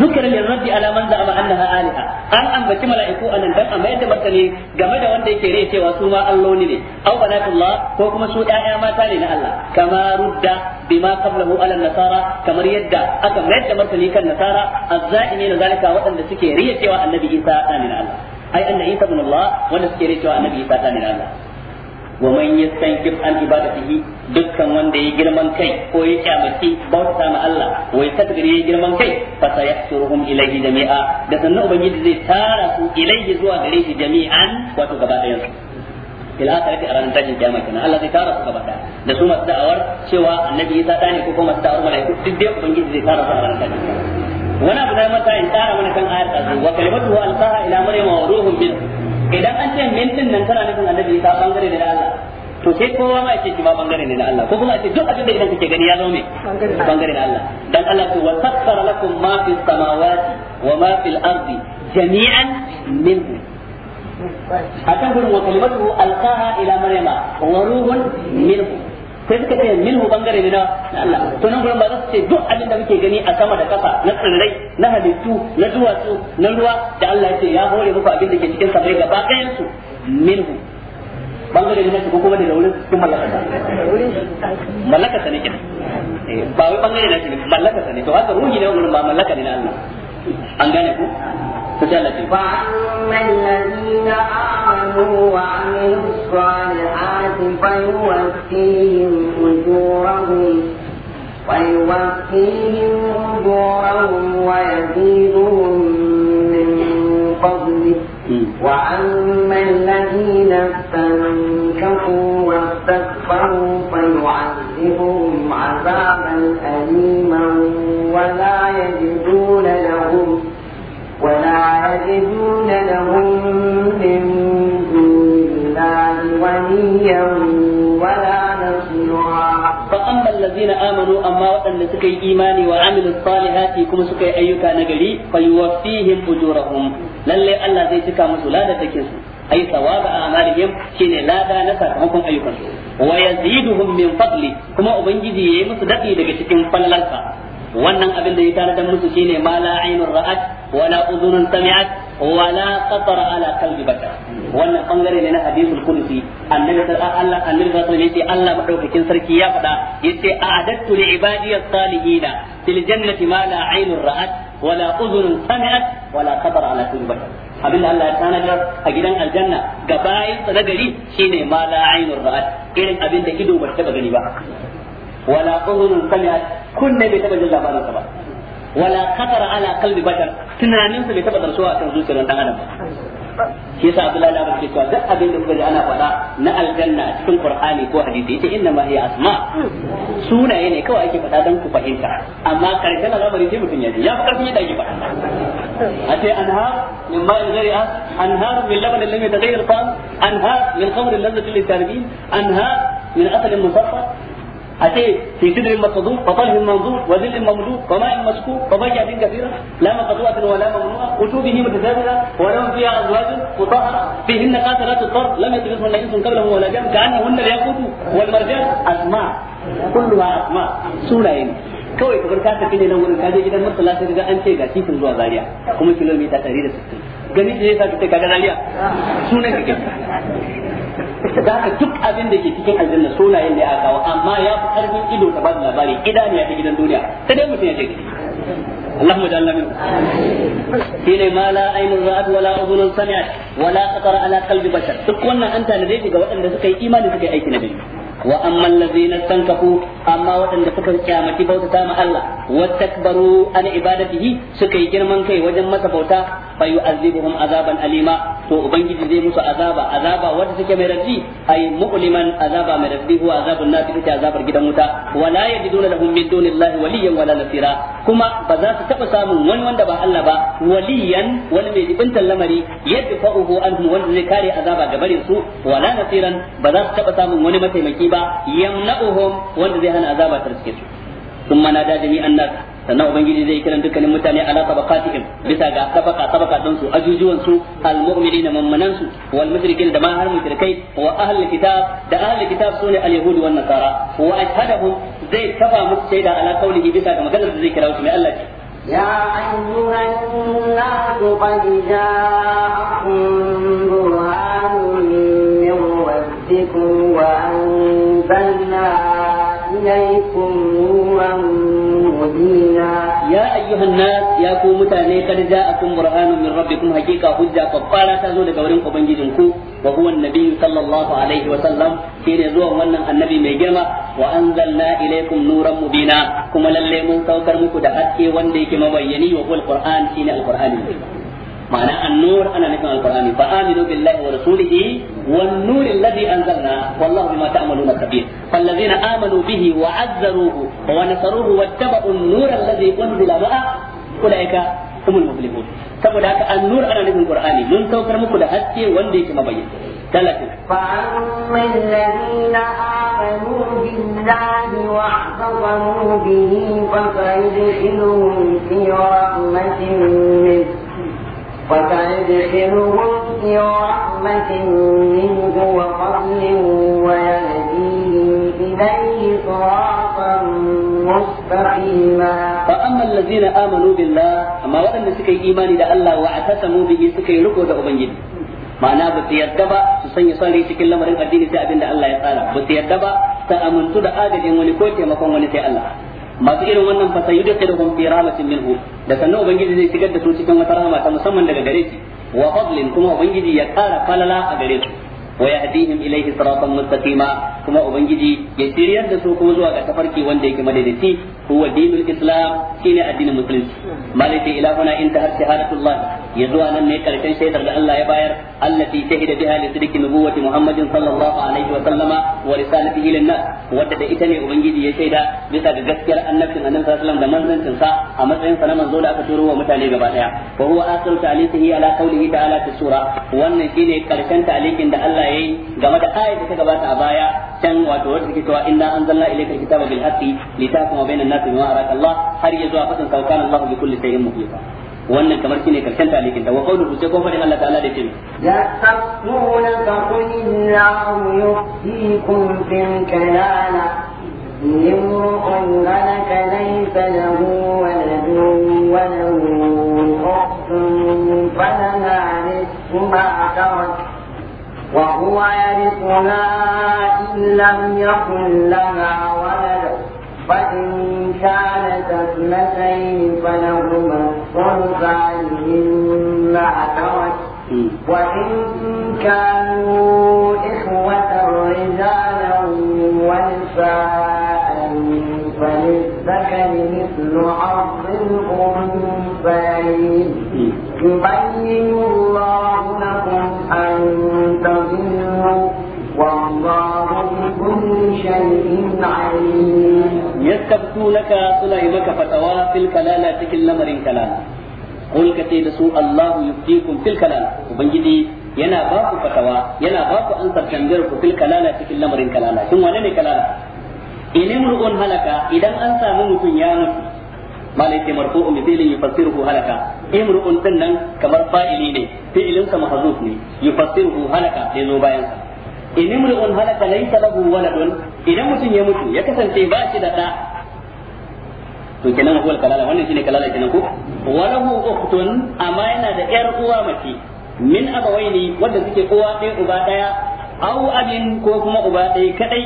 zukira min rabbi ala man za'ama annaha aliha an ambaci mala'iku anan dan a mayar da martani game da wanda yake rai cewa su ma alloli ne aw banatullah ko kuma su ƴaƴa mata ne na Allah kama rudda bima qablahu ala nasara kamar yadda aka mayar da martani kan nasara azza'ini da zalika waɗanda suke cewa annabi Isa ne na Allah ai Isa Allah wanda suke cewa annabi Isa ne na Allah wa man yastanqib an ibadatihi dukkan wanda ya girman kai ko ya kyamaci bauta ma Allah wa yatakbiri ya girman kai fa sayasuruhum ilayhi jami'a da sannan ubangiji zai tara su ilayhi zuwa gare shi jami'an wato gaba ɗayan su ila akhirati a ranar tajin kiyama kenan Allah zai tara su gaba ɗaya da su masu da'awar cewa annabi Isa ɗani ko kuma masu da'awar malaiku duk dai ubangiji zai tara su a ranar tashin kiyama wani abu da mata in tsara mana kan ayar ɗazu wa kalimatu alqaha ila maryama wa ruhun min idan an ce mintin nan kana nufin annabi isa bangare ne na Allah to sai kowa ma yake shi ma bangare ne na Allah ko kuma a ce duk abin da idan kake gani ya zama me bangare na Allah dan Allah ce wa sakhara lakum ma fis samawati wa ma fil ardi jami'an minhu akan gurin wa kalimatu alqaha ila maryama wa ruhun minhu sai suka ce minhu bangare ne na Allah to nan gurin ba za su ce duk abin da muke gani a sama da kasa na tsirrai na halittu na duwatsu na ruwa da Allah ya ce ya hore muku abin da ke cikin sabai gaba ɗayan su minhu bangare ne na ko kuma da wurin sun mallaka ta mallaka ta ne kin eh, ba wai bangare na shi mallaka ta ne to haka ruhi ne gurin ba mallaka ne na Allah an gane ku مجلد وأما الذين آمنوا وعملوا الصالحات فيوفيهم أجورهم ويوفيهم أجورهم ويزيدهم من فضله وأما الذين استنكفوا واستكبروا فيعذبهم عذابا أليما ولا يجدون لهم يستعجلون لهم من دون الله وليا ولا نصيرا فأما الذين آمنوا أما وأن سكي إيماني وعملوا الصالحات كما سكي أيوكا نجري فيوفيهم أجورهم للي ألا زي سكا مسلا تكيسو أي ثواب أعمالهم شين لا دا نساكمكم أيوكا ويزيدهم من فضلي كما أبنجي يمس دقي دقي سكي فللسا wannan abin da ya tanadar musu shine ma la ainur ra'at wala udhunun sami'at wala qatara ala qalbi bashar wannan bangare ne na hadithul qudsi annabi Allah annabi sallallahu alaihi Allah sarki ya faɗa yace a'adattu li ibadiyas salihin fil jannati ma la 'aynun ra'at wala udhunun sami'at wala qatara ala Abin bashar Allah ya tanadar a gidan aljanna ga bayan na gari shine ma la ainur ra'at irin abin da ido bai taba gani ba wala udhunun sami'at kunne bai taba jin labarin ba wala khatara ala qalbi bashar tunanin su bai taba zarsuwa kan zuciyar dan adam ba shi yasa Abdullahi da ke cewa duk abin da kuka ji ana faɗa na aljanna a cikin Qur'ani ko hadisi yace inna ma hiya asma sunaye ne kawai ake faɗa dan ku fahimta amma karshen al'amari sai mutum ya ji ya fi karfin yadda ake faɗa a ce anhar min ma'in zari'a anhar min labanin lam yataghayyar ta'am anhar min khamrin lazzatin lit-tarbi anhar min asalin musaffa أتي في سدر مصدوم وطلح منظور وذل مملوك وماء مسكوب وضيعة كثيرة لا مقطوعة ولا ممنوعة وجوده متزامنة ولهم فيها أزواج مطهرة فيهن قاتلات الطرد لم يطلقهن إنس قبله ولا جن كأنهن الياقوت والمرجان أسماء كلها أسماء سورة kawai kamar ka tafi ne nan wurin ka je gidan masallaci daga an ce ga titin zuwa Zaria kuma kilomita 160 gani ce ka fita kaga Zaria sunan ka za ka duk abin da ke cikin aljanna sunayen da ya kawo amma ya fi karfin ido da bada labari idan ya fi gidan duniya sai dai mutum ya ce Allah mu jalla min shi ne ma la ayna ra'ad wala la udhun sami'at wa la qatar ala qalbi bashar duk wannan an tana dai ga waɗanda suka yi imani suka yi aiki na biyu wa amma allazina tankafu amma waɗanda suka kyamaci bautata ma Allah wa takbaru an ibadatihi suka yi girman kai wajen masa bauta fa yu'azibuhum azaban alima to ubangiji zai musu azaba azaba wanda take mai rabbi ay mu'liman azaba mai rabbi huwa azabun nafi ita azabar gidan wuta wa la yajiduna lahum min dunillahi waliyan wala nasira kuma ba za su taba samun wani wanda ba Allah ba waliyan wani mai dibintan lamari yadda fa'uhu anhum wanda zai kare azaba gabarin su wala nasiran ba za su taba samun wani mataimaki ba yamna'uhum wanda zai hana azaba ta riske su da jami'an nas sannan ubangiji zai kiran dukkanin mutane ala tabaqatihim bisa ga tabaka tabaka don su ajujuwan su su wal mushrikin da ma har mushrikai wa kitab da kitab sune alyahud wan nasara wa zai kafa musu shaida ala qawlihi bisa ga maganar da zai kira su mai Allah ce يا أيها الناس قد جاءكم برهان من ربكم وأنتم ya ayyuhan nas ya ku mutane kad ja'akum burhanun min rabbikum haqiqa hujja kaffara ta daga wurin ubangijin ku wa huwa annabi zuwan wannan annabi mai girma wa anzalna ilaykum nuran kuma lalle mun saukar muku da haske wanda yake mabayyani wa huwa alquran shine alqur'ani ma'ana an-nur ana nufin alqur'ani فالذين آمنوا به وعزروه ونصروه واتبعوا النور الذي أنزل معه أولئك هم المفلحون saboda haka annur ana nufin qur'ani mun saukar muku da haske wanda yake mabayyin talatin fa amman ladina amanu billahi wa ahsanu bihi fa sayadkhiluhum fi rahmatin min fa sayadkhiluhum fi rahmatin minhu wa fadlin wa إليه صراطا مستقيما فأما الذين آمنوا بالله أما وأن سكي إيماني دا الله واعتصموا به سكي لكو دا أبنجد معنى ba su سسن يصالي سكي الله مرين rai cikin lamarin addini sai abin da Allah ya tsara ba su yadda ba ta amintu masu irin wannan fasa yudu da hum fi rahmatin minhu da sannan ubangiji zai shigar da su cikin wata rahama ta musamman daga gare shi wa fadlin kuma ubangiji ya kara falala a gare su wa yahdihim ilayhi siratan mustaqima kuma ubangiji ya shiryar da su kuma zuwa ga tafarki wanda yake madaidaici huwa dinul islam shi ne addinin musulunci malaka ilahuna inta har shahadatullah zuwa nan ne karshen shaidar da Allah ya bayar allati shahida biha li sidqi nubuwwati Muhammadin sallallahu alaihi wa sallama wa risalatihi lin nas wadda da ita ne ubangiji ya shaida bisa ga gaskiyar annabin annabi sallallahu alaihi da manzancin sa a matsayin sa na manzo da aka turo wa mutane gaba daya wa huwa akhiru ta'liqihi ala qawlihi ta'ala fi sura wannan shine karshen ta'liqin da Allah yayi game da ayat da ta gabata a baya can wato wadda take cewa inna anzalna ilayka kitaba bil haqqi bainan nasi bima har ya zuwa fadin saukan Allah bi kulli shay'in muqita wannan kamar shine karshen talikin ta wa qawluhu sai ko fadin Allah ta'ala da yake ya tasmuna fa qul illahu yuhyikum fil kalala imru'un ghalaka laysa lahu waladun wa lahu ukhtun ma tarak وهو إن لم يكن لها ولد فإن كانت اثنتين فلهما وربعه مع ترك وإن كانوا إخوة رجالا ونساء فللذكر مثل حظ الأنثيين يبين الله لكم أن yastaftunaka suna yi maka fatawa fil kalala cikin lamarin kalala qul ka ce da su Allahu yuftikum fil kalala ubangiji yana ba ku fatawa yana ba ku ansar tambayar ku fil kalala cikin lamarin kalala kin wane ne kalala in mur'un halaka idan an samu mutum ya mutu malai marfu marfu'un bi fi'lin yufassiruhu halaka imru'un din nan kamar fa'ili ne fi'lin sa mahzuf ne yufassiruhu halaka sai zo bayan sa in imru'un halaka laysa lahu waladun idan mutum ya mutu ya kasance ba shi da da to kenan huwal kalala wannan shine kalala kenan ko walahu ukhtun amma yana da yar uwa mace min abawaini wanda suke uwa ɗaya uba ɗaya au abin ko kuma uba ɗaya kadai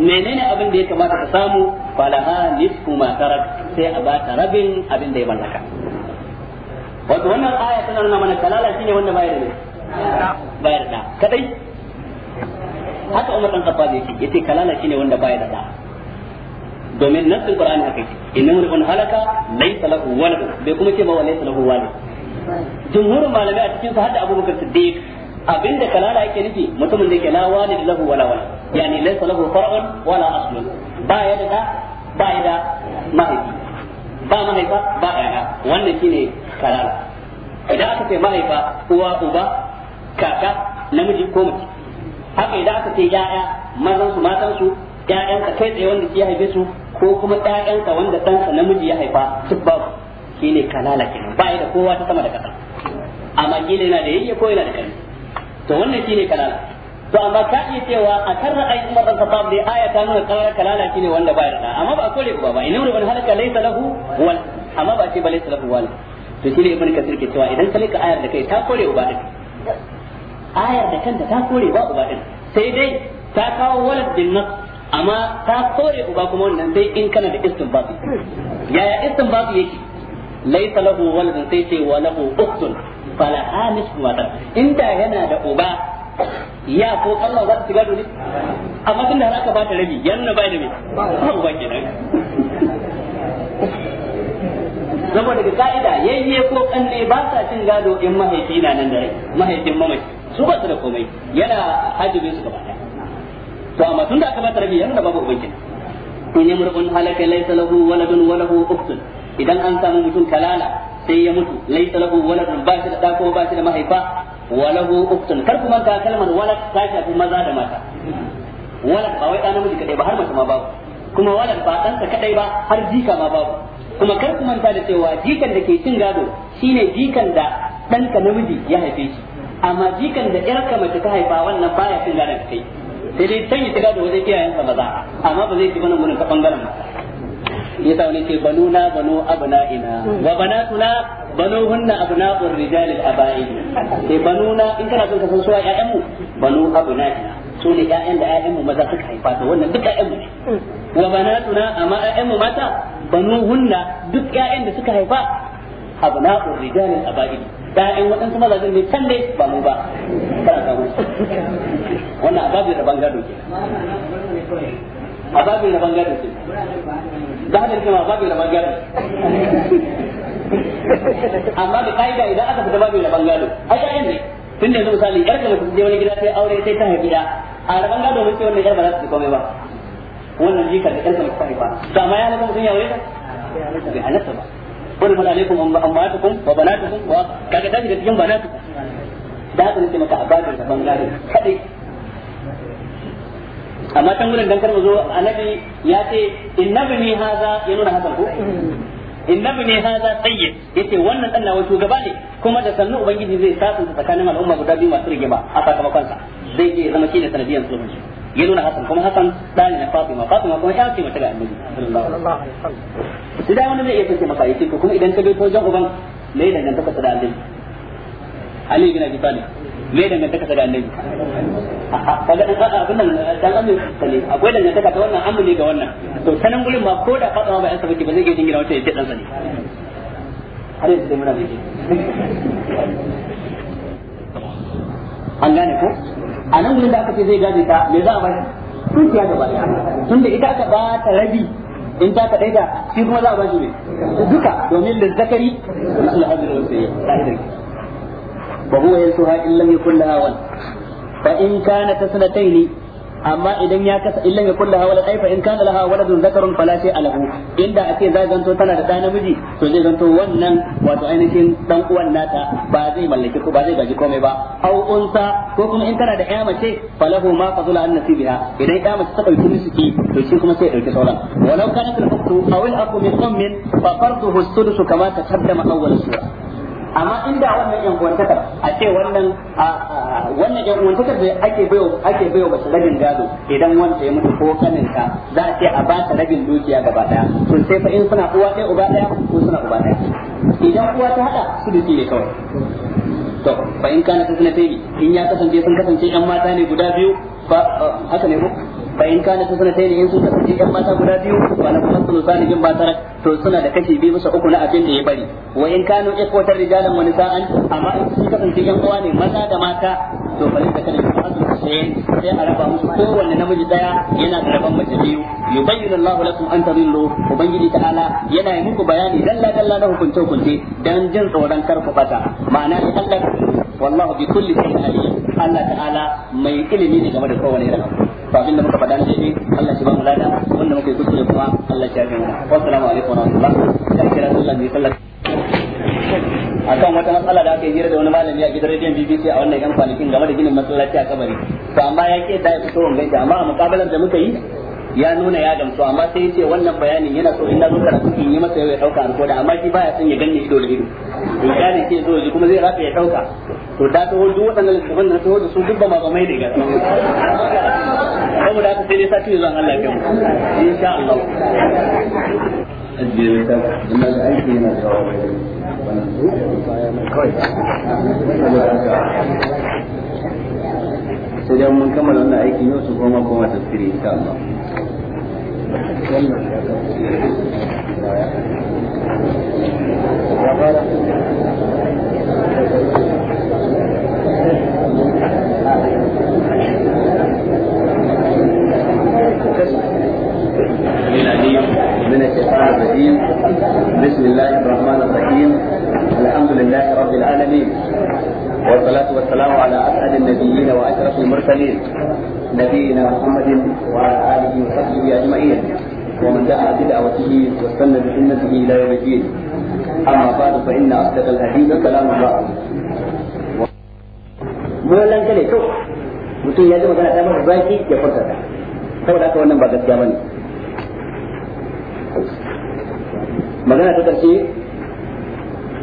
menene abin da ya kamata ka samu falaha nisfu ma tarak sai a ba rabin abin da ya mallaka wato wannan aya tana nuna mana kalala shine wanda bayar ne bayar da kadai haka umar dan kafa yake yace kalala shine wanda bayar da domin nassin qur'ani haka yake innahu man halaka laysa lahu walad bai kuma ce ba wa laysa lahu walad jumhurin malamai a cikin su hadda abubakar siddiq abinda kalala yake nufi mutumin da yake la walid lahu wala wala yani laysa lahu far'un wala aslun ba ya da ba ya da mahaifi ba mahaifa ba ɗaya wannan shine kalala idan aka ce mahaifa uwa uba kaka namiji ko mace haka idan aka ce ya'ya mazan su matan su ya'yan ka kai tsaye wanda ke haife su ko kuma ɗayansa wanda ɗansa namiji ya haifa duk babu ne kalala kenan ba da kowa ta sama da ƙasa amma kila yana da yayye ko yana da kare to wannan ne kalala to amma ka iya cewa a kan ra'ayi kuma ɗansa Khattab da aya ta nuna kalala kalala ne wanda ba da amma ba a kore ba ba ina wani halaka laysa lahu wal amma ba ce ba laysa lahu wal to shi ne ibn kasir ke cewa idan ka lika ayar da kai ta kore uba din ayar da kanta ta kore ba uba din sai dai ta kawo walad bin nas amma ta kore uba kuma wannan sai in kana da istinbati yaya istinbati yake laysa lahu waladun sai ce wa lahu ukhtun fala hamis kuma ta inda yana da uba ya ko Allah za ta shiga dole amma tunda har aka bata rabi yana bai da me ba uba kenan saboda ga ka'ida yayye ko kanne ba sa cin gado in mahaifi na nan da rai mahaifin mamaci su ba su da komai yana hajjibin su gaba daya to amma tun da aka ba rabi yana da babu uban kenan in yamru'un halaka laysa lahu waladun wa lahu ukhtun idan an samu mutum kalala sai ya mutu laysa lahu waladun ba shi da da ko ba shi da mahaifa wa lahu ukhtun kar kuma ka kalmar walad ta shafi maza da mata walad ba wai da namiji kadai ba har mace ma babu kuma walad ba ɗansa kadai ba har jika ma babu kuma kar ku manta da cewa jikan da ke cin gado shine jikan da ɗanka namiji ya haife shi amma jikan da ƴarka mace ta haifa wannan baya cin gado kai sai dai can yi shiga da wajen iyayensa maza amma ba zai ci bana gurin ta bangaren ba yasa wani ce banuna banu ina. wa suna banu hunna abna'ur rijal al aba'i sai banuna in kana son ka san suwa ƴaƴan banu banu abna'ina su ne ƴaƴan da ƴaƴan mu maza suka haifa to wannan duk ƴaƴan mu ne wa banatuna amma ƴaƴan mu mata banu hunna duk ƴaƴan da suka haifa abna'ur rijal al aba'i ƴaƴan waɗansu mazajen ne can dai ba mu ba kana samu wannan ababin rabon gado ke ababin rabon gado ke da haka kuma ababin rabon gado amma da ƙa'ida idan aka fita babin rabon gado ai ƴaƴan ne tun da yanzu misali yar ka je wani gida sai aure sai ta haifi da a da gado mun ce wannan yar ba za su komai ba wannan jikar da yar ka ta haifa to amma ya halatta mutum ya wuri ta bai halatta ba hurmat alaikum ummahatukum wa da amma can gudun dan karmu a annabi ya ce ne haza ya nuna hasan ko ne haza ya yace wannan dan nawa shugaba ne kuma da sannu ubangiji zai sasu tsakanin al'umma guda biyu masu rigima a sakamakon sa zai iya zama shi ne sanadiyan sulhunci ya nuna hasan kuma hasan da na fatima fatima kuma ya ce mata ga annabi sallallahu alaihi wasallam sai da wani zai iya maka kuma idan ka bai ko jan uban me da annabi ali bin abi talib me ya dangantaka da annabi wannan amuli ga wannan to sanan gurin ma ko da fatima ba an ba zai ga dingira wata dan sani har dai muna an gane ko a nan gudun da aka ce zai gane ta me za a bashi dukiya gaba daya tun da ita aka ba ta rabi in ta kadai ta shi kuma za a bashi ne duka domin da zakari misal hadin wasiyya ka'idar wa huwa yansuha in lam yakul laha wal fa in sanatai ne. amma idan ya kasa illan ya kullaha wala in kana laha waladun zakarun fala shay alahu inda ake za zanto tana da ɗan namiji to zai zanto wannan wato ainihin dan uwan nata ba zai mallaki ko ba zai gaji komai ba au unsa ko kuma in tana da ƴa mace falahu ma fazula an nasibiha idan ƴa mace ta dauki nisiki to shi kuma sai dauki sauran walau kanat al-ukhtu aw al min ummin fa farduhu as-sudus kama taqaddama awwal sura amma inda wannan yan uwantaka a ce wannan wannan yan uwantaka da ake bayo ake bayo ba su rabin gado idan wanda ya mutu ko kanin ka za a ce a ba ta rabin dukiya gaba daya to sai fa in suna uwa ɗaya uba ɗaya ko suna uba ɗaya idan uwa ta hada su duki ne kawai to fa in kana ta sanatayi in ya kasance sun kasance yan mata ne guda biyu ba haka ne ko bayan kana su suna tayi in sun kasance yan mata guda biyu ba na kuma sunu sani jin batar to suna da kashi biyu bisa uku na abin da ya bari wa in kanu ikwatar rijalan wa nisa'an amma in sun kasance yan uwa ne maza da mata to fa lita kana su sai sai a raba musu kowanne namiji daya yana da rabon mace biyu yubayyin Allahu lakum an tadillu ubangiji ta'ala yana yi muku bayani dalla dalla na hukunce hukunce dan jin tsoron karfa fata ma'ana in Allah wallahu bi kulli shay'in alim Allah ta'ala mai ilimi ne game da kowane irin ba abinda muka faɗa ne Allah shi ba mu lada wanda muka yi kuskure kuma Allah shi ya alaikum wa rahmatullah ya kira sallan ne sallan akan wata matsala da aka yi hira da wani malami a gidan rediyon BBC a wannan yan kwanakin game da ginin masallaci a kabari to amma ya ke da ya fito a mukabalan da muka yi ya nuna ya wannan bayanin yana so in na zo karatu yi masa ya dauka an koda amma shi baya son ya ganni ido da ido ya ne ke zo ji kuma zai rafa ya dauka to da ta duk waɗannan da su duk ba ma ba mai da gaskiya saboda haka sai dai sati zan Allah ya mu insha Allah ajiye ta ina da aiki yana sai dai mun kammala wannan aiki yau su koma koma insha Allah الشيطان الرجيم بسم الله الرحمن الرحيم الحمد لله رب العالمين والصلاة والسلام على أسعد النبيين وأشرف المرسلين نبينا محمد وعلى آله وصحبه أجمعين ومن دعا بدعوته واستنى بسنته إلى يوم الدين أما بعد فإن أصدق الحديث كلام الله مولا كلي تو mutum ya ji magana ta mara zaki ya furta ta saboda haka wannan ba gaskiya bane magana ta ƙarshe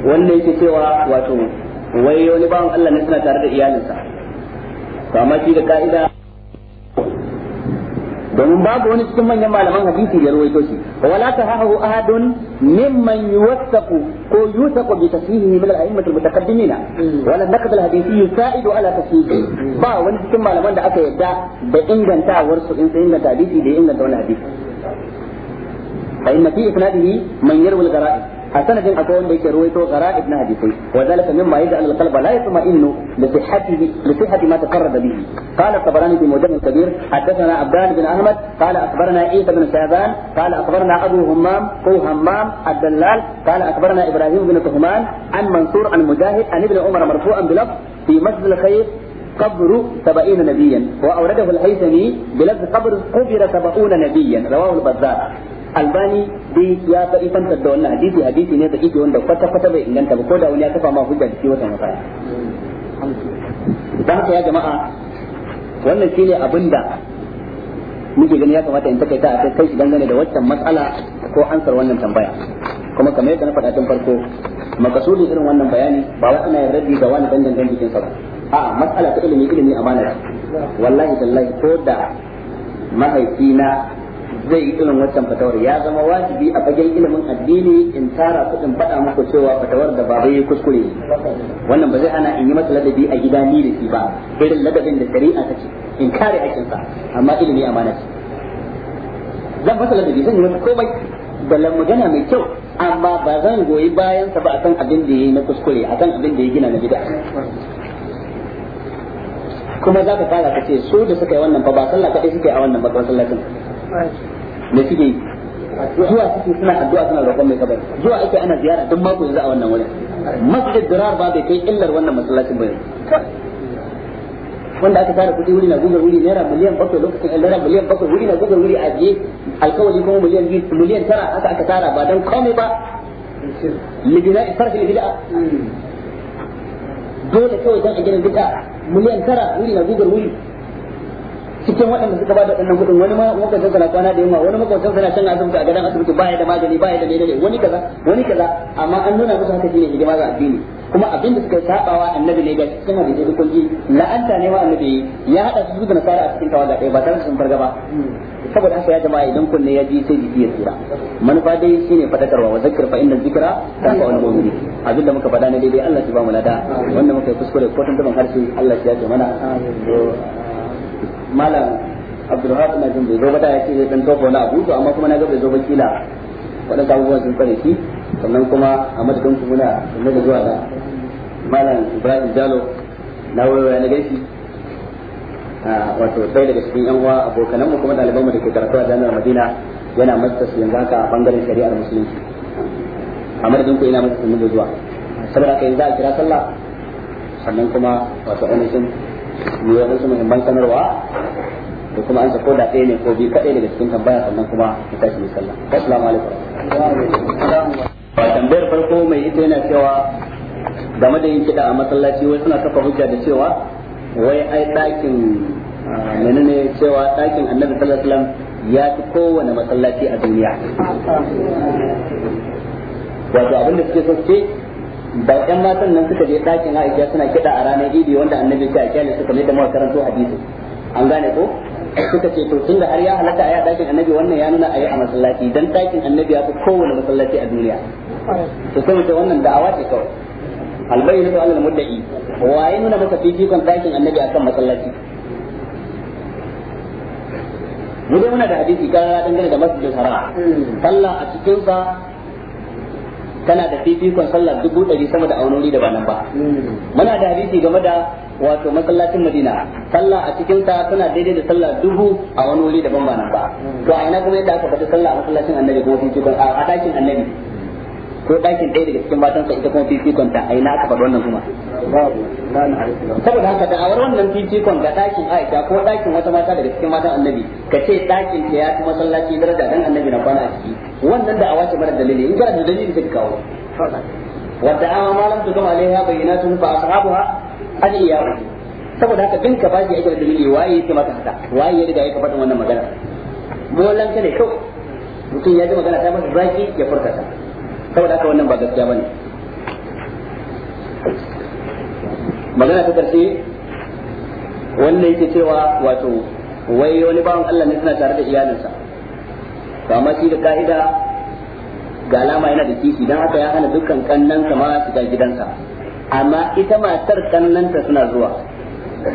wanda yake cewa wato wai wani bawan Allah ne suna tare da iyalinsa to amma shi da ka'ida domin babu wani cikin manyan malaman hadisi da ruwaito shi wala hahu ahadun mimman yuwathaqu ko yuthaqu bi tasihi min al-a'immat al-mutaqaddimin wala nakad al-hadisi yusaidu ala tasihi ba wani cikin malaman da aka yadda da ingantawar su in sai inganta hadisi da inganta wani hadisi فإن في إسناده من يروي الغرائب حسنة أكون بيك رويته غرائب نهديسي وذلك مما يجعل القلب لا يطمئن لصحة ما تقرب به قال الطبراني في مجمع كبير حدثنا عبدان بن أحمد قال أخبرنا عيسى بن شعبان قال أخبرنا أبو همام هو همام الدلال قال أخبرنا إبراهيم بن تهمان عن منصور عن مجاهد عن ابن عمر مرفوعا بلفظ في مسجد الخير قبر سبعين نبيا وأورده الهيثمي بلفظ قبر قبر سبعون نبيا رواه البزار albani dai ya faɗi fantar da wannan hadisi hadisi ne da kike wanda kwata kwata bai inganta ba ko da wani ya kafa ma hujja da kiwata wata masaya dan haka ya jama'a wannan shine abin da muke gani ya kamata in takaita a kai shi dangane da waccan matsala ko ansar wannan tambaya kuma kamar yadda na faɗa tun farko makasudin irin wannan bayani ba wai ana yarda da wani dandan dan bikin sa ba a matsala ta ilimi ilimi amana wallahi tallahi ko da mahaifina zai yi ilimin wancan fatawar ya zama wajibi a fagen ilimin addini in tara kuɗin faɗa muku cewa fatawar da ba yayi kuskure wannan ba zai ana in yi masa ladabi a gida ni da shi ba irin ladabin da shari'a ta ce in kare hakinsa amma ilimi amana ce zan masa ladabi zan yi masa komai da magana mai kyau amma ba zan goyi bayan sa ba akan abin da yayi na kuskure akan abin da ya gina na gida. kuma za ka fara ka ce su da suka yi wannan fa ba sallah kaɗai suke a wannan ba sallah me suke yi zuwa suke suna addu'a suna roƙon mai kabari zuwa ake ana ziyara duk mako yanzu a wannan wurin masjid dirar ba bai kai illar wannan masallacin bane wanda aka tara kuɗi wuri na gugar wuri naira miliyan bakwai lokacin ɗan naira miliyan bakwai wuri na gugar wuri a je alkawari kuma miliyan biyu miliyan tara haka aka tara ba don komai ba libina farfi libida hmm. dole kawai don a gina bid'a miliyan tara wuri na gugar wuri cikin waɗanda suka bada waɗannan gudun wani ma sana kwana da yamma wani makwacin sana can asibiti a gadon asibiti baya da magani baya da menene wani kaza wani kaza amma an nuna musu haka shine hidima ga addini kuma abin da suka sabawa annabi ne ga cikin hadisi da kunji ji la'anta ne wa annabi ya hada su da nasara a cikin tawaga ɗaya ba tare da sun farga ba saboda haka ya jama'a idan kunne ya ji sai jiki ya tsira manufa dai shine fadakarwa wa zakir fa inna zikra wal mu'minin abinda muka faɗa ne daidai Allah ya ba mu lada wanda muka yi kuskure ko tuntuban harshe Allah ya ce mana malam abdulrahman na jin bai zo ba da ya ce zai dan tofa wani abu to amma kuma na ga bai zo ba kila wannan abubuwan sun fara shi sannan kuma a madadin ku muna sannan da zuwa da malam ibrahim jalo na waiwaya na gaishe wato sai daga cikin yan uwa abokanan mu kuma daliban mu da ke karatu a jami'ar madina yana masa su yanzu haka a bangaren shari'ar musulunci a madadin ku ina masa sannan da zuwa saboda haka yanzu za a kira sallah sannan kuma wato ainihin mu yi su muhimman sanarwa da kuma an ko da ɗaya ne ko biyu kaɗai daga cikin tambaya sannan kuma ta tashi mu sallah assalamu alaikum ba tambayar farko mai ita yana cewa game da yin kiɗa a masallaci wai suna kafa hujja da cewa wai ai ɗakin ne cewa ɗakin annabi sallallahu alaihi wasallam ya fi kowane masallaci a duniya wato abin da suke so da ƴan matan nan suka je ɗakin Aisha suna kiɗa a ranar Idi wanda annabi ta kyale suka mai da mawa hadisi an gane ko suka ce to tunda har ya halatta a ya ɗakin annabi wannan ya nuna a yi a masallaci dan ɗakin annabi ya fi kowane masallaci a duniya to sai mutum wannan da'awa ce kawai albayyana to Allah mudda'i waye nuna masa fifikon ɗakin annabi akan masallaci mu dai muna da hadisi gara dangane da masjidil haram sallah a cikin sa kana da fifikon sallah dubu ɗari sama da aunori da banan nan ba muna da hadisi game da wato masallacin madina sallah a cikin ta tana daidai da sallah dubu a wani wuri daban ba nan ba to a ina kuma yadda aka fata sallah a masallacin annabi ko fifikon a dakin annabi ko ɗakin ɗaya daga cikin matansa ita kuma fifikon ta na aka faɗi wannan kuma saboda haka da awar wannan fifikon ga ɗakin Aisha ko ɗakin wata mata daga cikin matan Annabi ka ce ɗakin ta ya fi masallaci daraja dan Annabi na kwana a ciki wannan da awace mara dalili in kana da dalili sai ka kawo wadda amma malam su gama alaiha bayyinatun fa ashabuha adiyahu saboda haka din ka baji ake da dalili waye yake maka haka waye ya riga yake faɗin wannan magana bolan ka ne kawai mutum ya ji magana ta masa zaki ya furta ta saboda haka wannan ba gaskiya bane magana ta karshe wannan yake cewa wato wai wani bawan Allah ne suna tare da iyalinsa to amma shi da ka'ida ga alama yana da kishi dan haka ya hana dukkan kannan ma ga gidansa amma ita matar kannanta suna zuwa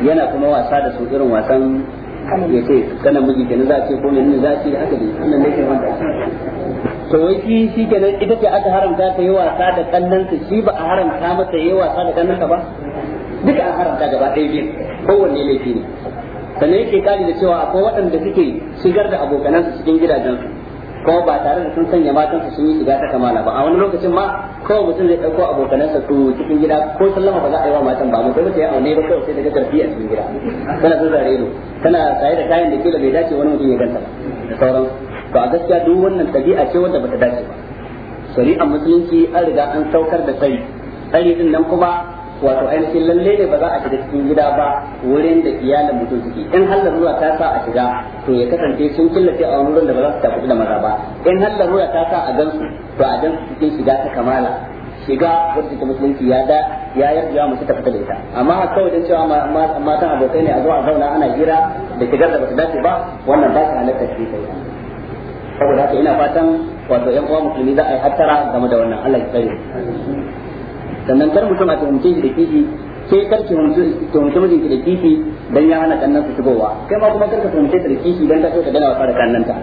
yana kuma wasa da su irin wasan ya ce kana miji kenan za ce ko menene za ce haka dai wannan ne ke wanda to wai shi shi kenan ita ce aka haramta ta yi wasa da kallonsa shi ba a haramta masa yi wasa da kallonsa ba duka an haramta gaba ɗaya biyu kowanne laifi ne sannan yake kari da cewa akwai waɗanda suke shigar da abokanansu cikin gidajensu ko ba tare da sun sanya matan su sun yi shiga ta kamala ba a wani lokacin ma kawai mutum zai ɗauko abokanansa su cikin gida ko sallama ba za a yi wa matan ba mu kai ta yi aune ba kawai sai daga tarfi a cikin gida tana zuwa reno tana saye da kayan da kila bai dace wani mutum ya ganta ba sauransu to a gaskiya duk wannan tabi'a ce wanda bata dace ba shari'ar musulunci an riga an saukar da tsari tsari din nan kuma wato ainihin lalle ne ba za a shiga cikin gida ba wurin da iyalin mutum suke in halar ruwa ta sa a shiga to ya kasance sun killace a wurin da ba za su tafi da maza ba in halar ruwa ta sa a gansu to a gansu cikin shiga ta kamala shiga wanda ke musulunci ya da ya yarda musu ta fita da ita amma kawai dan cewa matan abokai ne a zo a zauna ana gira da shigar da ba su dace ba wannan ba ta halatta shi kai saboda haka ina fatan wato yan uwa musulmi za a yi hattara game da wannan Allah ya tsare sannan kar mutum a tuhumce shi da kishi sai kar ki tuhumce mijinki da kishi dan ya hana kannan su shigowa kai ma kuma kar ka tuhumce ta da kishi dan ta so ta gana fara kannan ta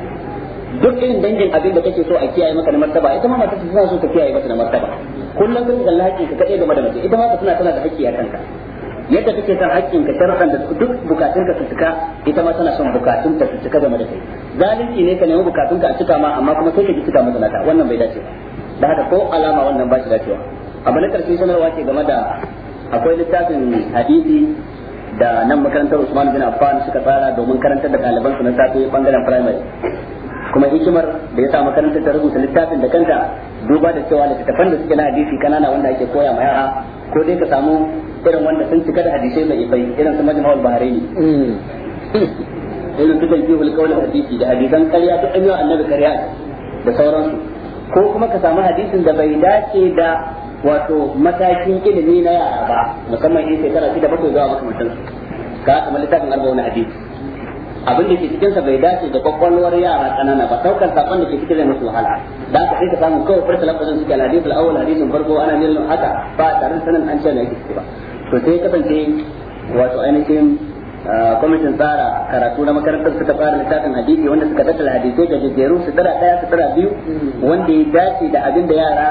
duk irin dangin abin da kake so a kiyaye maka na martaba ita ma su suna so ta kiyaye maka na martaba kullum kan da haƙƙi ka kaɗai game da mace ita ma suna tana da haƙƙi a kanka yadda kake san haƙƙin ka sharhan da duk bukatun ka su cika ita ma tana son bukatun ta su cika game da kai zalunci ne ka nemi bukatun ka a cika ma amma kuma sai ka ji cika masa nata wannan bai dace ba da haka ko alama wannan ba shi dacewa amma na karshe sanarwa ce game da akwai littafin hadisi da nan makarantar Usman bin Affan suka tsara domin karantar da ɗaliban su na safe bangaren primary kuma hikimar da ya sa makarantar ta rubuta littafin da kanta duba da cewa littafan da suke na hadisi kanana wanda ake koya ma yara ko dai ka samu irin wanda sun cika da hadisai mai ifai irin su majma'ul bahraini hmm. [laughs] irin su tanqihul qawl hadisi da hadisan ƙarya duk an yi annabi ƙarya da sauransu ko kuma ka samu hadisin da bai dace da wato matakin ilimi na yara ba musamman in shekara da bakwai zuwa makamantansu ka kamar littafin arba'un hadisi abin da ke cikin sa bai dace da kwakwalwar yara kanana ba daukar sakon da ke cikin zai musu wahala da ka sai ka samu kawai farsa lafazin suke alhadith al-awwal hadisin farko ana nilin haka ba tare da sanin an ce me yake ba to sai kasance wato ainihin ah, kwamitin tsara karatu na makarantar suka tsara littafin hadisi wanda suka tattala hadisai da jejjeru su tara daya su tara biyu wanda ya dace da abin da yara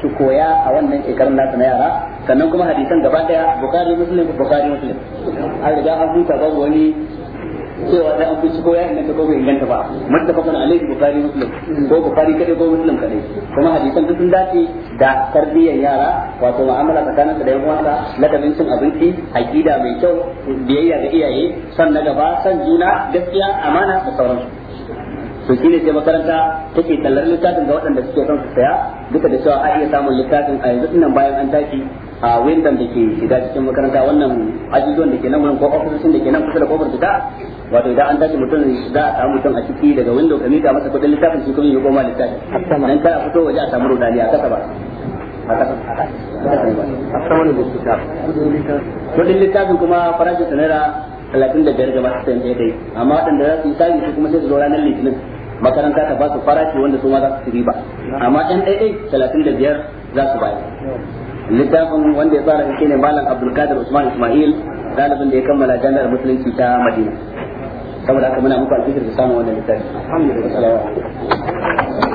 su koya a wannan shekarun nasu na yara sannan kuma hadisan gaba daya bukari muslim bukari muslim an riga an huta babu wani cewa ta an ko ya inganta ko bai inganta ba muttafaqun alaihi bukari muslim ko bukari kadai ko muslim kadai kuma hadisan sun dace da tarbiyyar yara wato mu'amala tsakanin da yan uwansa ladabin cin abinci aqida mai kyau biyayya ga iyaye san na gaba san juna gaskiya amana da sauransu to shine sai makaranta take tallar littafin ga waɗanda suke son su saya duka da cewa a iya samun littafin a yanzu nan bayan an tashi a windan da ke shiga cikin makaranta wannan ajujuwan da ke nan wurin ko ofisoshin da ke nan kusa da kofar fita wato idan an tashi mutum za a samu mutum a ciki daga window ka mika masa kudin littafin shi kuma ya koma littafin dan kada fito waje a samu rudani a kasa ba kudin littafin kuma farashin sa naira talatin da biyar gaba sai ɗaya dai amma waɗanda za su yi sayi su kuma sai su zo ranar litinin makaranta ta ba su farashi wanda su ma za su riba amma ɗan ɗaya ɗaya talatin da biyar za su bayar littafin wanda ya tsara shi ne malam kadir usman ismail dalibin da ya kammala jami'ar musulunci ta madina saboda haka muna muku alfikir da samun wannan littafi alhamdulillah